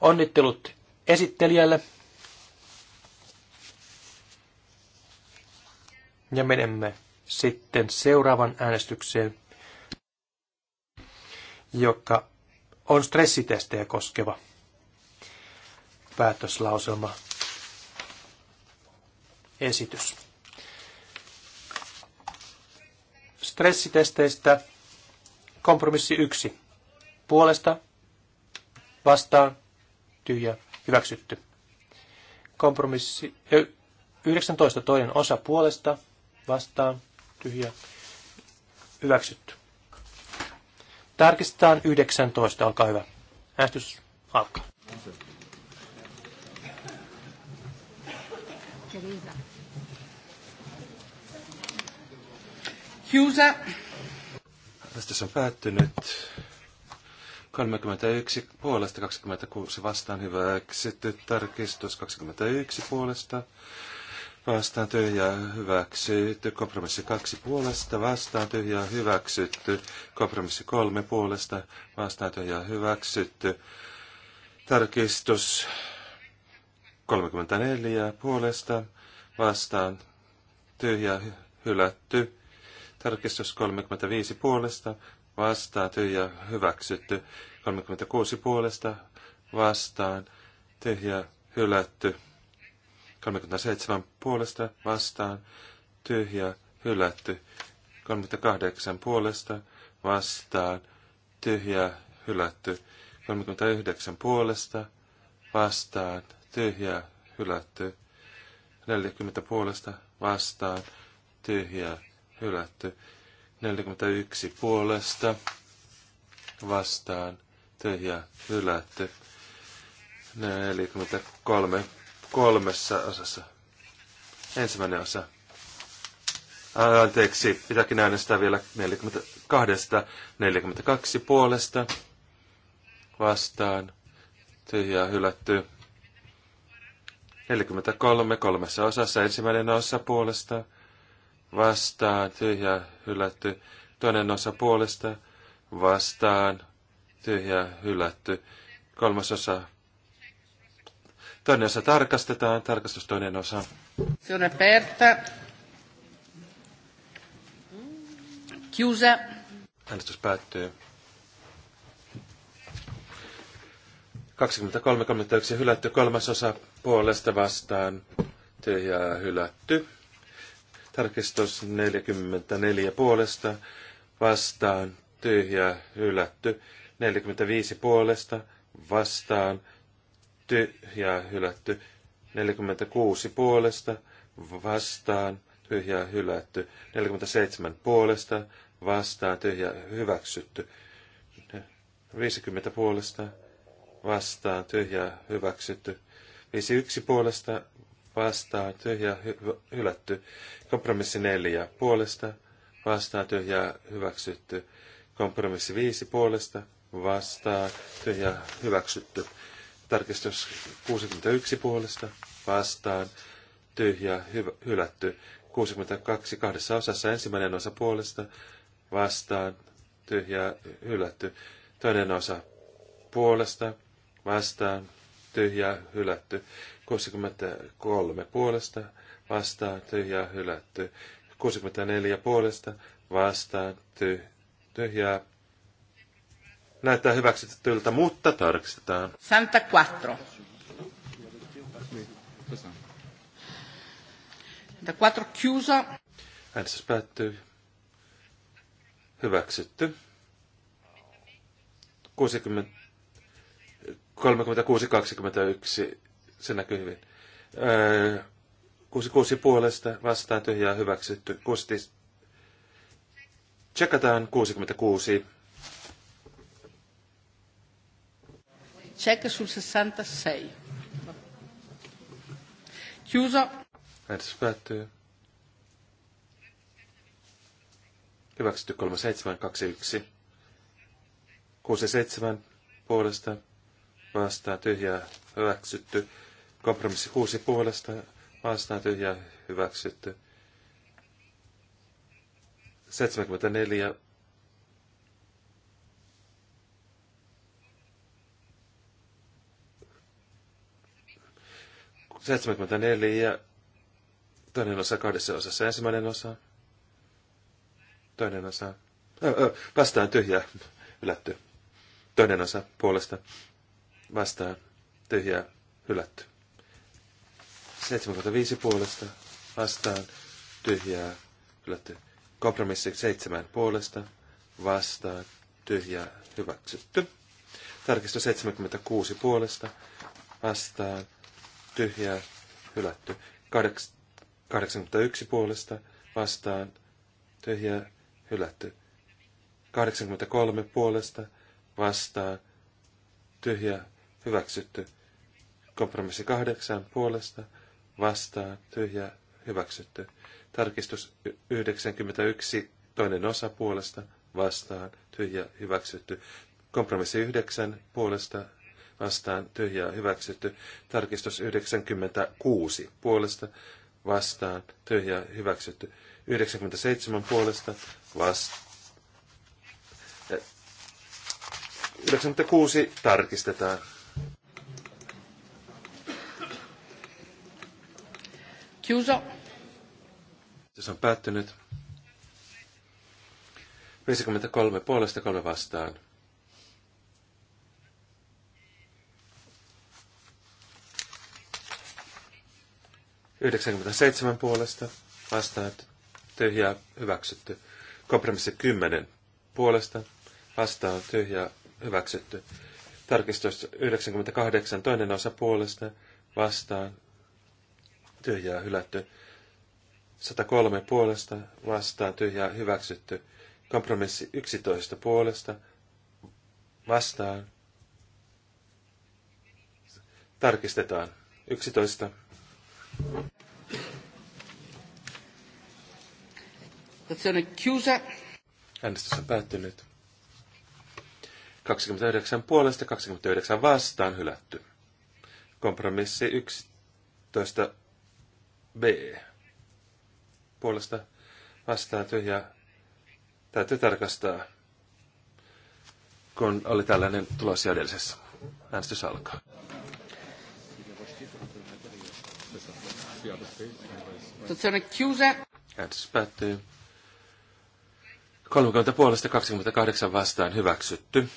Onnittelut esittelijälle. Ja menemme sitten seuraavan äänestykseen, joka on stressitestejä koskeva päätöslauselma esitys. Stressitesteistä kompromissi yksi. Puolesta, vastaan, tyhjä, hyväksytty. Kompromissi 19 toinen osa puolesta, vastaan, tyhjä, hyväksytty. Tarkistetaan 19, olkaa hyvä. Äänestys alkaa. Teresa. Chiusa. Äänestys on päättynyt. 31 puolesta, 26 vastaan hyväksytty. Tarkistus 21 puolesta. Vastaan tyhjää hyväksytty. Kompromissi 2 puolesta. Vastaan tyhjää hyväksytty. Kompromissi 3 puolesta. Vastaan tyhjää hyväksytty. Tarkistus 34 puolesta vastaan tyhjä hylätty. Tarkistus 35 puolesta vastaan tyhjä hyväksytty. 36 puolesta vastaan tyhjä hylätty. 37 puolesta vastaan tyhjä hylätty. 38 puolesta vastaan tyhjä hylätty. 39 puolesta vastaan tyhjää, hylätty. 40 puolesta vastaan, tyhjää, hylätty. 41 puolesta vastaan, tyhjää, hylätty. 43 kolmessa osassa. Ensimmäinen osa. Anteeksi, pitääkin äänestää vielä 42, 42 puolesta vastaan. Tyhjää hylätty. 43 kolmessa osassa. Ensimmäinen osa puolesta vastaan, tyhjä hylätty. Toinen osa puolesta vastaan, tyhjä hylätty. Kolmas osa. Toinen osa tarkastetaan. Tarkastus toinen osa. Se on aperta. Chiusa. Äänestys päättyy. 23.31 hylätty kolmas osa puolesta vastaan tyhjää hylätty. Tarkistus 44 puolesta vastaan tyhjää hylätty. 45 puolesta vastaan tyhjää hylätty. 46 puolesta vastaan tyhjää hylätty. 47 puolesta vastaan tyhjä hyväksytty. 50 puolesta vastaan tyhjää hyväksytty yksi puolesta vastaa tyhjää hy- hylätty. Kompromissi 4 puolesta vastaa tyhjää hyväksytty. Kompromissi viisi puolesta vastaa tyhjää hyväksytty. Tarkistus 61 puolesta vastaan tyhjää hy- hylätty. 62 kahdessa osassa ensimmäinen osa puolesta vastaan tyhjää hylätty. Toinen osa puolesta vastaan tyhjää hylätty. 63 puolesta vastaan tyhjää hylätty. 64 puolesta vastaan ty, tyhjää. Näyttää hyväksytettyltä, mutta tarkistetaan. Santa Quattro. Santa Quattro chiusa. Äänestys päättyy. Hyväksytty. 60 36-21, se näkyy hyvin. Öö, 66 puolesta vastaan tyhjää hyväksytty. 60. Tsekataan 66. Tsekka sul 66. Chiuso. Äänestys päättyy. Hyväksytty 3721. 67 puolesta vastaan tyhjää hyväksytty. Kompromissi kuusi puolesta vastaan tyhjää hyväksytty. 74 74 toinen osa kahdessa osassa. Ensimmäinen osa, toinen osa. Ö, ö, vastaan tyhjää, ylätty. Toinen osa puolesta vastaan tyhjä hylätty. 75 puolesta vastaan tyhjää hylätty. Kompromissi 7 puolesta vastaan tyhjää hyväksytty. Tarkisto 76 puolesta vastaan tyhjää hylätty. 81 puolesta vastaan tyhjää hylätty. 83 puolesta vastaan tyhjää hyväksytty. Kompromissi kahdeksan puolesta vastaan tyhjä hyväksytty. Tarkistus 91 toinen osa puolesta vastaan tyhjä hyväksytty. Kompromissi yhdeksän puolesta vastaan tyhjä hyväksytty. Tarkistus 96 puolesta vastaan tyhjä hyväksytty. 97 puolesta vastaan. Eh, 96 tarkistetaan. Chiuso. Se on päättynyt. 53 puolesta, kolme vastaan. Yhdeksänkymmentäseitsemän puolesta vastaan tyhjää hyväksytty. Kompromissi 10 puolesta vastaan tyhjää hyväksytty. Tarkistus 98 toinen osa puolesta vastaan tyhjää hylätty. 103 puolesta vastaan tyhjää hyväksytty. Kompromissi 11 puolesta vastaan. Tarkistetaan. 11. Votazione chiusa. Äänestys on päättynyt. 29 puolesta, 29 vastaan hylätty. Kompromissi 11 B. Puolesta vastaa tyhjää. Täytyy tarkastaa, kun oli tällainen tulos edellisessä. Äänestys alkaa. Äänestys päättyy. 30 puolesta 28 vastaan hyväksytty.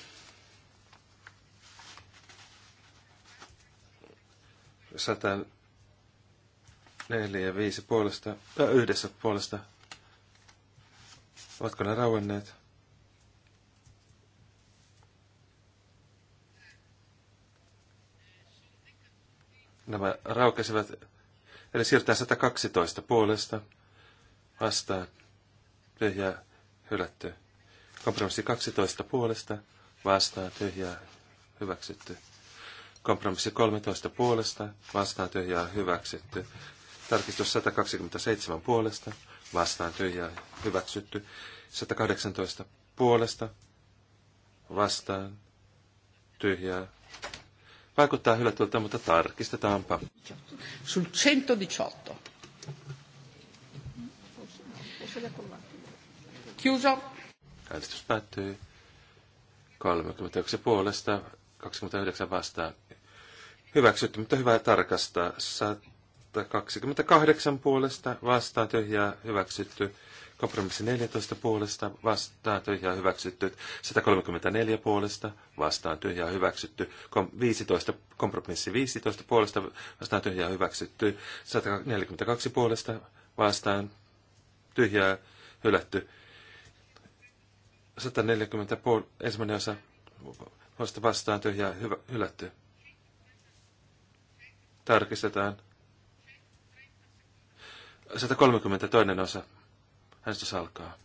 Satan Neljä ja viisi puolesta, äh, yhdessä puolesta. Ovatko ne rauenneet? Nämä raukesivat, eli siirtää 112 puolesta vastaan, tyhjää, hylätty. Kompromissi 12 puolesta, vastaan, tyhjää, hyväksytty. Kompromissi 13 puolesta, vastaan, tyhjää, hyväksytty. Tarkistus 127 puolesta, vastaan ja hyväksytty. 118 puolesta, vastaan tyhjää. Vaikuttaa hylätyltä, mutta tarkistetaanpa. Sul 118. Chiuso. Äänestys päättyy. 31 puolesta, 29 vastaan. Hyväksytty, mutta hyvä tarkastaa. 28 puolesta vastaan tyhjää hyväksytty. Kompromissi 14 puolesta vastaan tyhjää hyväksytty. 134 puolesta vastaan tyhjää hyväksytty. Kom 15, kompromissi 15 puolesta vastaan tyhjää hyväksytty. 142 puolesta vastaan tyhjää hylätty. 140 puol- ensimmäinen osa vastaan tyhjää hyvä, hylätty. Tarkistetaan. 130 toinen osa. Hänestä salkaa.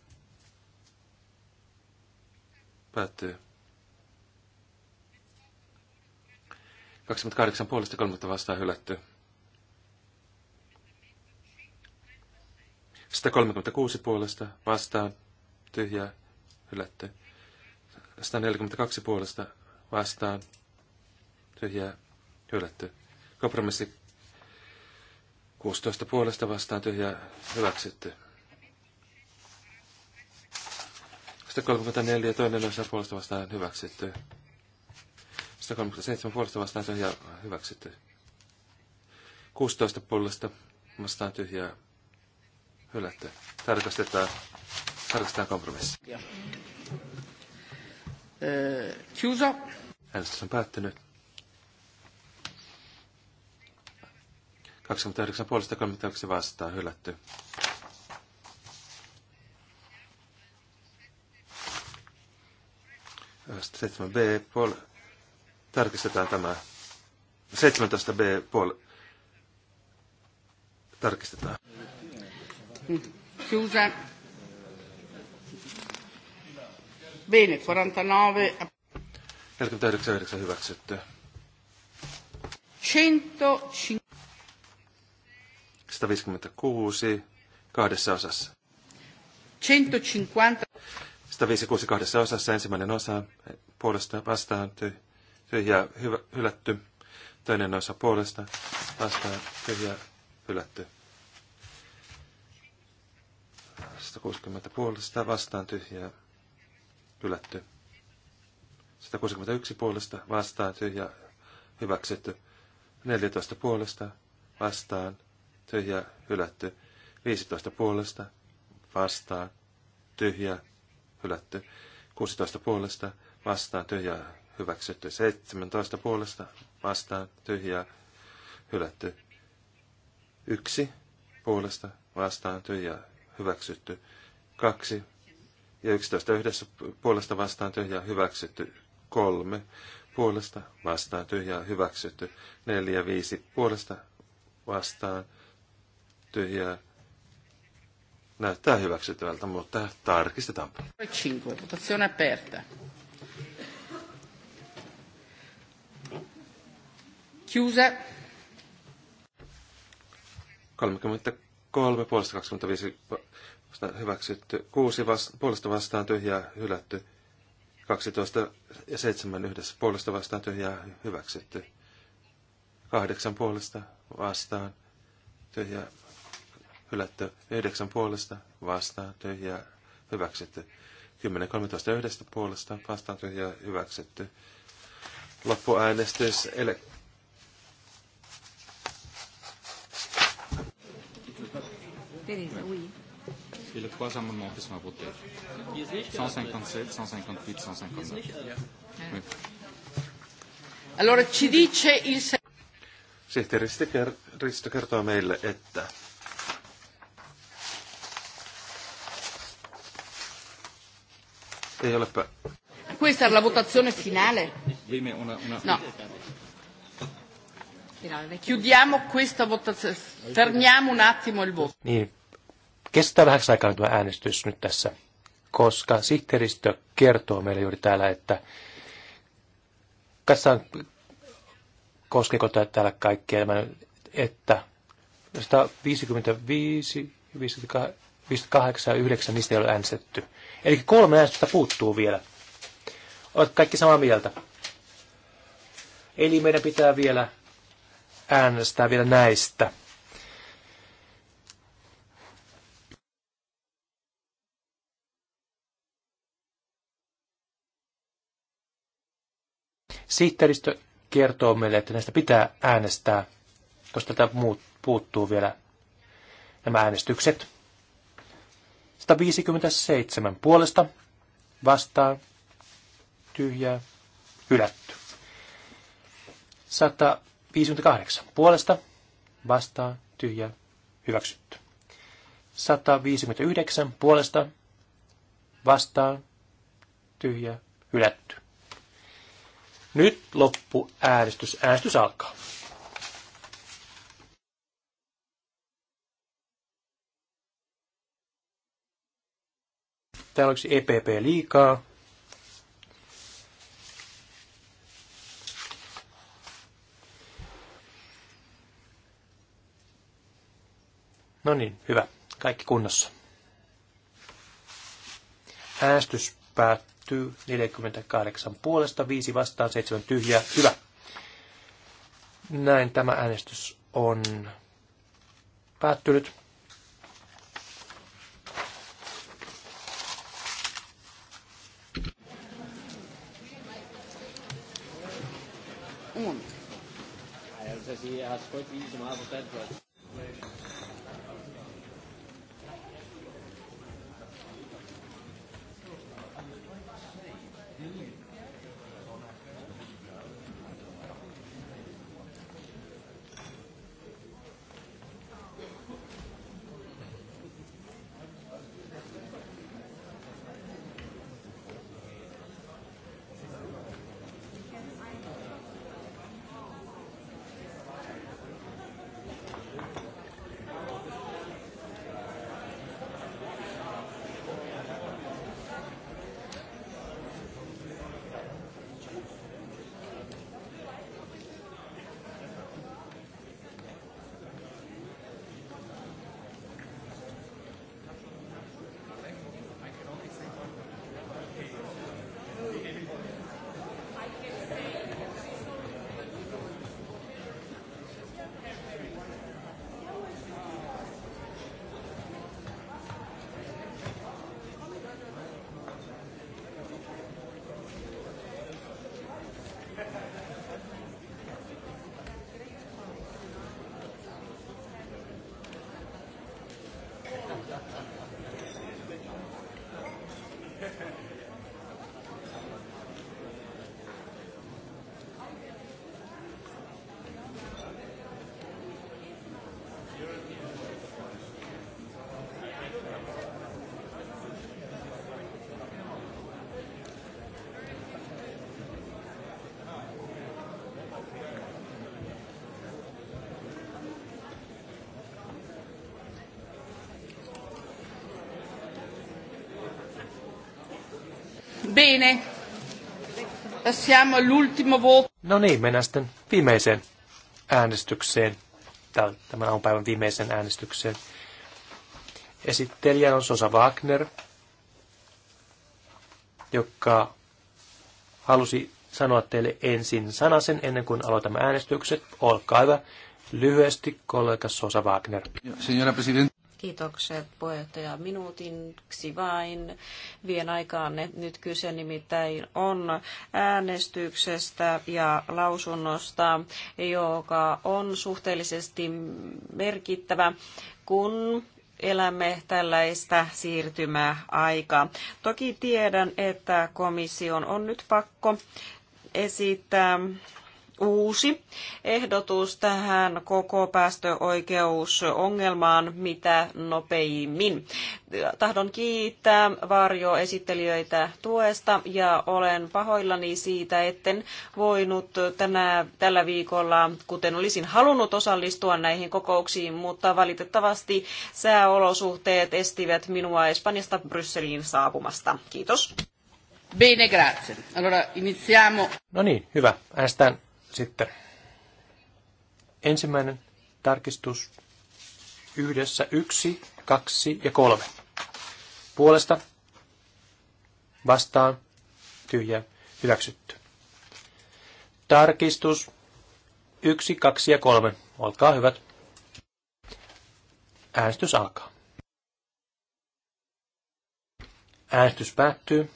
Päättyy. 28 puolesta kolmatta vastaan hylätty. 136 puolesta vastaan tyhjää hylätty. 142 puolesta vastaan tyhjää hylätty. Kompromissi 16 puolesta vastaan tyhjä hyväksytty. 134 toinen osa puolesta vastaan hyväksytty. 137 puolesta vastaan tyhjä hyväksytty. 16 puolesta vastaan tyhjä hylätty. Tarkastetaan, tarkastetaan kompromissi. Kiusa. Äänestys on päättynyt. 29 puolesta 31 vastaan hylätty. Sitten 7b puol... Tarkistetaan tämä. 17b puol... Tarkistetaan. Chiusa. Bene, 49. 49 hyväksytty. 105. 156 kahdessa osassa. 150. 156 kahdessa osassa ensimmäinen osa puolesta vastaan tyhjää hyvä, hylätty. Toinen osa puolesta vastaan tyhjää hylätty. 160 puolesta vastaan tyhjää hylätty. 161 puolesta vastaan tyhjää hyväksytty. 14 puolesta vastaan tyhjä, hylätty. 15 puolesta, vastaan, tyhjä, hylätty. 16 puolesta, vastaan, tyhjä, hyväksytty. 17 puolesta, vastaan, tyhjä, hylätty. Yksi puolesta, vastaan, tyhjä, hyväksytty. Kaksi ja 11 yhdessä puolesta vastaan tyhjä hyväksytty. Kolme puolesta vastaan tyhjä hyväksytty. Neljä viisi puolesta vastaan tyhjää. Näyttää hyväksytyvältä, mutta tarkistetaanpa. 5. Chiusa. 33 puolesta 25 hyväksytty, 6 vasta, puolesta vastaan tyhjää hylätty, 12 ja 7 yhdessä puolesta vastaan tyhjää hyväksytty, 8 puolesta vastaan tyhjää hylätty. yhdeksän puolesta vastaan tyhjää hyväksytty. 10, 13, yhdestä puolesta vastaan tyhjää hyväksytty. Loppuäänestys ele- Et les trois amendements qui sont à voter. 157, 158, 159. Oui. Allora ci dice il... Sihteeristö kertoo meille, että Ei olepa. Questa è la votazione finale. No. Chiudiamo questa votazione. Fermiamo un attimo il voto. Niin. Kestää vähän aikaa tuo äänestys nyt tässä, koska sihteeristö kertoo meille juuri täällä, että katsotaan koskeeko täällä kaikkea, että 155, 58, 9, niistä ei ole äänestetty. Eli kolme äänestystä puuttuu vielä. Olet kaikki samaa mieltä. Eli meidän pitää vielä äänestää vielä näistä. Sihteeristö kertoo meille, että näistä pitää äänestää, koska tätä muut, puuttuu vielä nämä äänestykset. 157 puolesta vastaan tyhjää hylätty. 158 puolesta vastaan tyhjää hyväksytty. 159 puolesta vastaan tyhjää hylätty. Nyt loppu äänestys. Äänestys alkaa. Täällä olisi EPP liikaa. No niin, hyvä. Kaikki kunnossa. Äänestys päättyy 48 puolesta, 5 vastaan, 7 tyhjää. Hyvä. Näin tämä äänestys on päättynyt. First reason why was that was Bene. Passiamo all'ultimo voto. No niin, mennään sitten viimeiseen äänestykseen. Tämän aamupäivän viimeiseen äänestykseen. Esittelijä on Sosa Wagner, joka halusi sanoa teille ensin sanasen ennen kuin aloitamme äänestykset. Olkaa hyvä. Lyhyesti kollega Sosa Wagner. Signora Kiitokset puheenjohtaja. Minuutiksi vain vien aikaan. Nyt kyse nimittäin on äänestyksestä ja lausunnosta, joka on suhteellisesti merkittävä, kun elämme tällaista siirtymäaikaa. Toki tiedän, että komission on nyt pakko esittää uusi ehdotus tähän koko päästöoikeusongelmaan mitä nopeimmin. Tahdon kiittää varjoesittelijöitä tuesta ja olen pahoillani siitä, etten voinut tänä, tällä viikolla, kuten olisin halunnut osallistua näihin kokouksiin, mutta valitettavasti sääolosuhteet estivät minua Espanjasta Brysseliin saapumasta. Kiitos. Bene, grazie. Allora, iniziamo. No niin, hyvä. Äänestetään sitten ensimmäinen tarkistus yhdessä yksi, kaksi ja kolme. Puolesta vastaan tyhjä hyväksytty. Tarkistus yksi, kaksi ja kolme. Olkaa hyvät. Äänestys alkaa. Äänestys päättyy.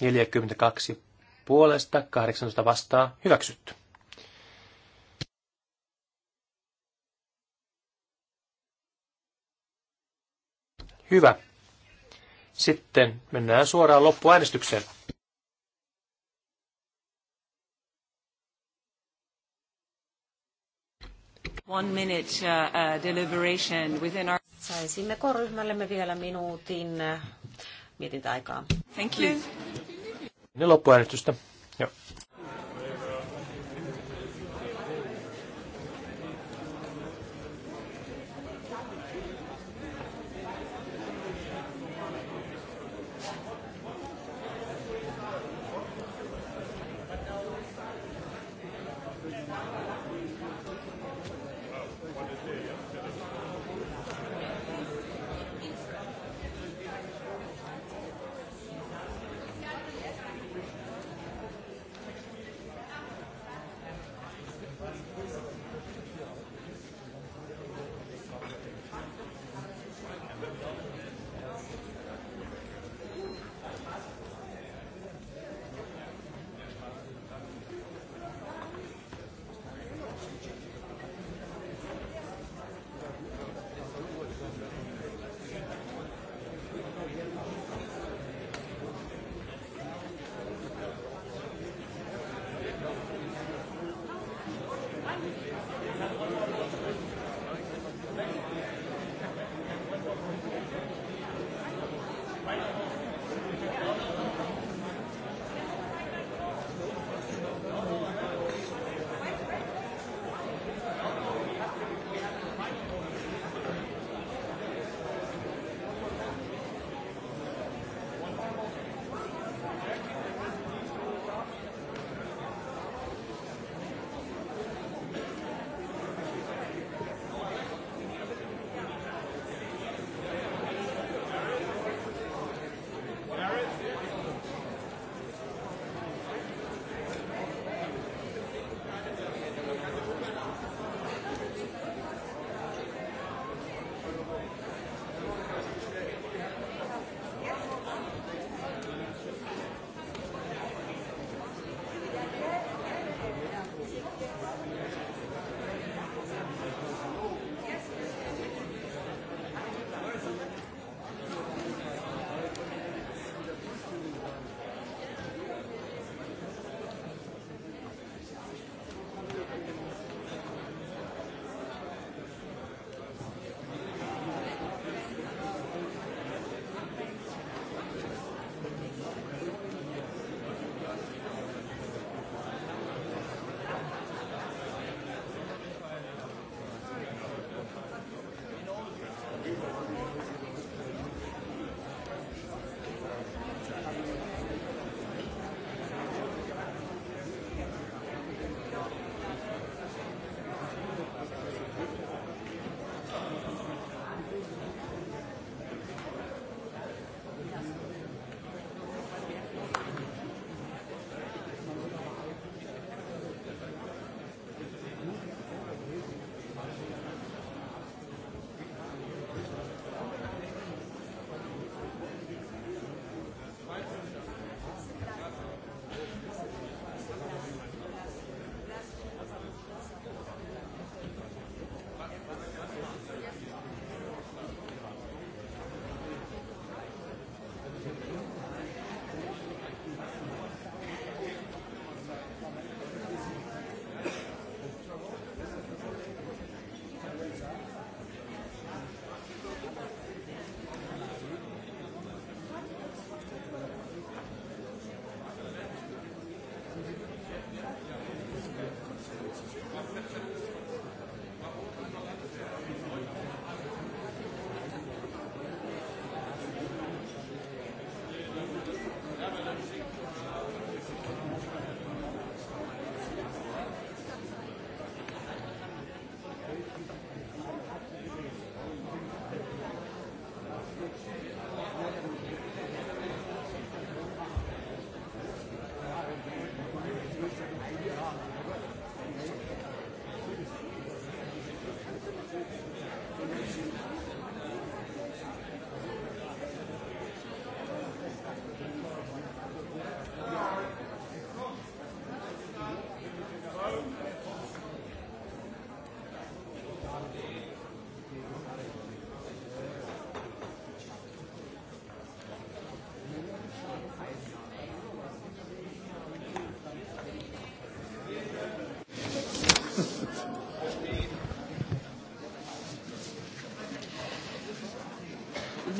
42 puolesta, 18 vastaa hyväksytty. Hyvä. Sitten mennään suoraan loppuäänestykseen. One minute uh, uh deliberation within our... Saisimme koryhmällemme vielä minuutin uh, mietintäaikaa. Thank you ne niin, loppuäänestystä. Joo.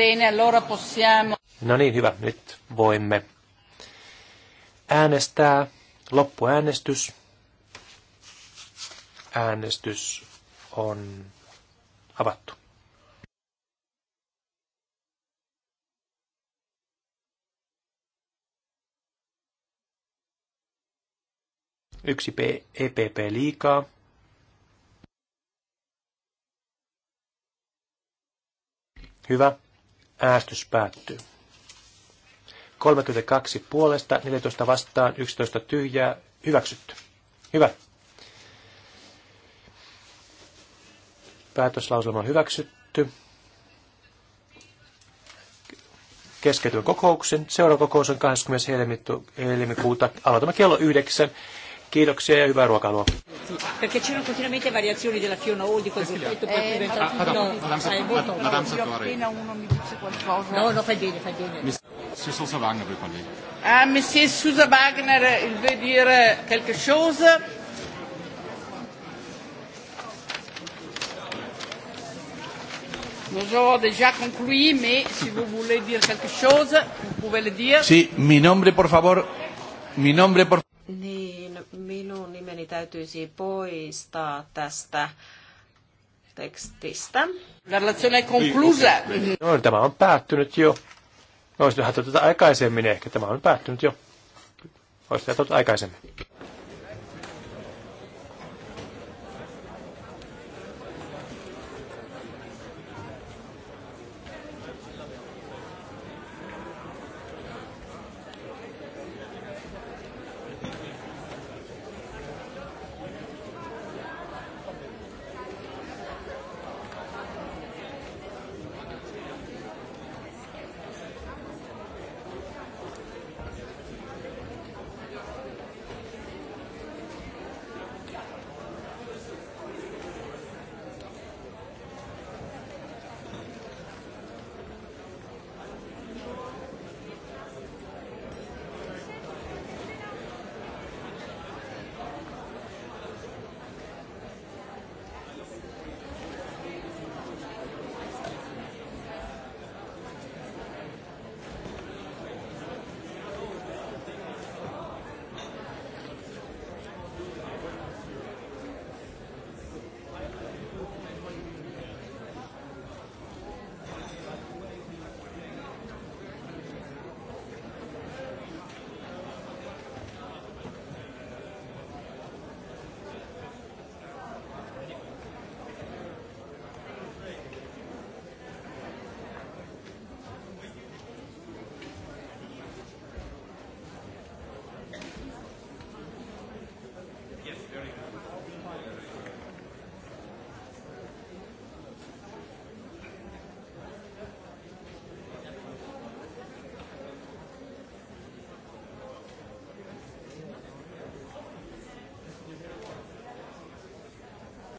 Bene, allora possiamo... No niin, hyvä. Nyt voimme äänestää. Loppuäänestys. Äänestys on avattu. Yksi EPP e liikaa. Hyvä. Äänestys päättyy. 32 puolesta, 14 vastaan, 11 tyhjää. Hyväksytty. Hyvä. Päätöslauselma on hyväksytty. Keskeytyvän kokouksen. Seuraava kokous on 20. helmikuuta. Aloitamme kello 9. Kiitoksia ja hyvää ruokailua. Perché c'erano continuamente variazioni della Fiona Hall di per cui eh, no, Madame Sartori. No, no, fai bene, fai bene. Monsieur Sousa Wagner vuoi parlare? Ah, Monsieur Sousa Wagner, il veut dire quelque chose. Nous avons déjà conclu, mais si vous voulez dire quelque chose, vous le dire. Sí, mi nombre, por favor. Mi nombre, por favor. Niin, minun nimeni täytyisi poistaa tästä tekstistä. Relazione conclusa. No, tämä on päättynyt jo. Olisi tätä tuota aikaisemmin ehkä. Tämä on päättynyt jo. Olisi tätä tuota aikaisemmin.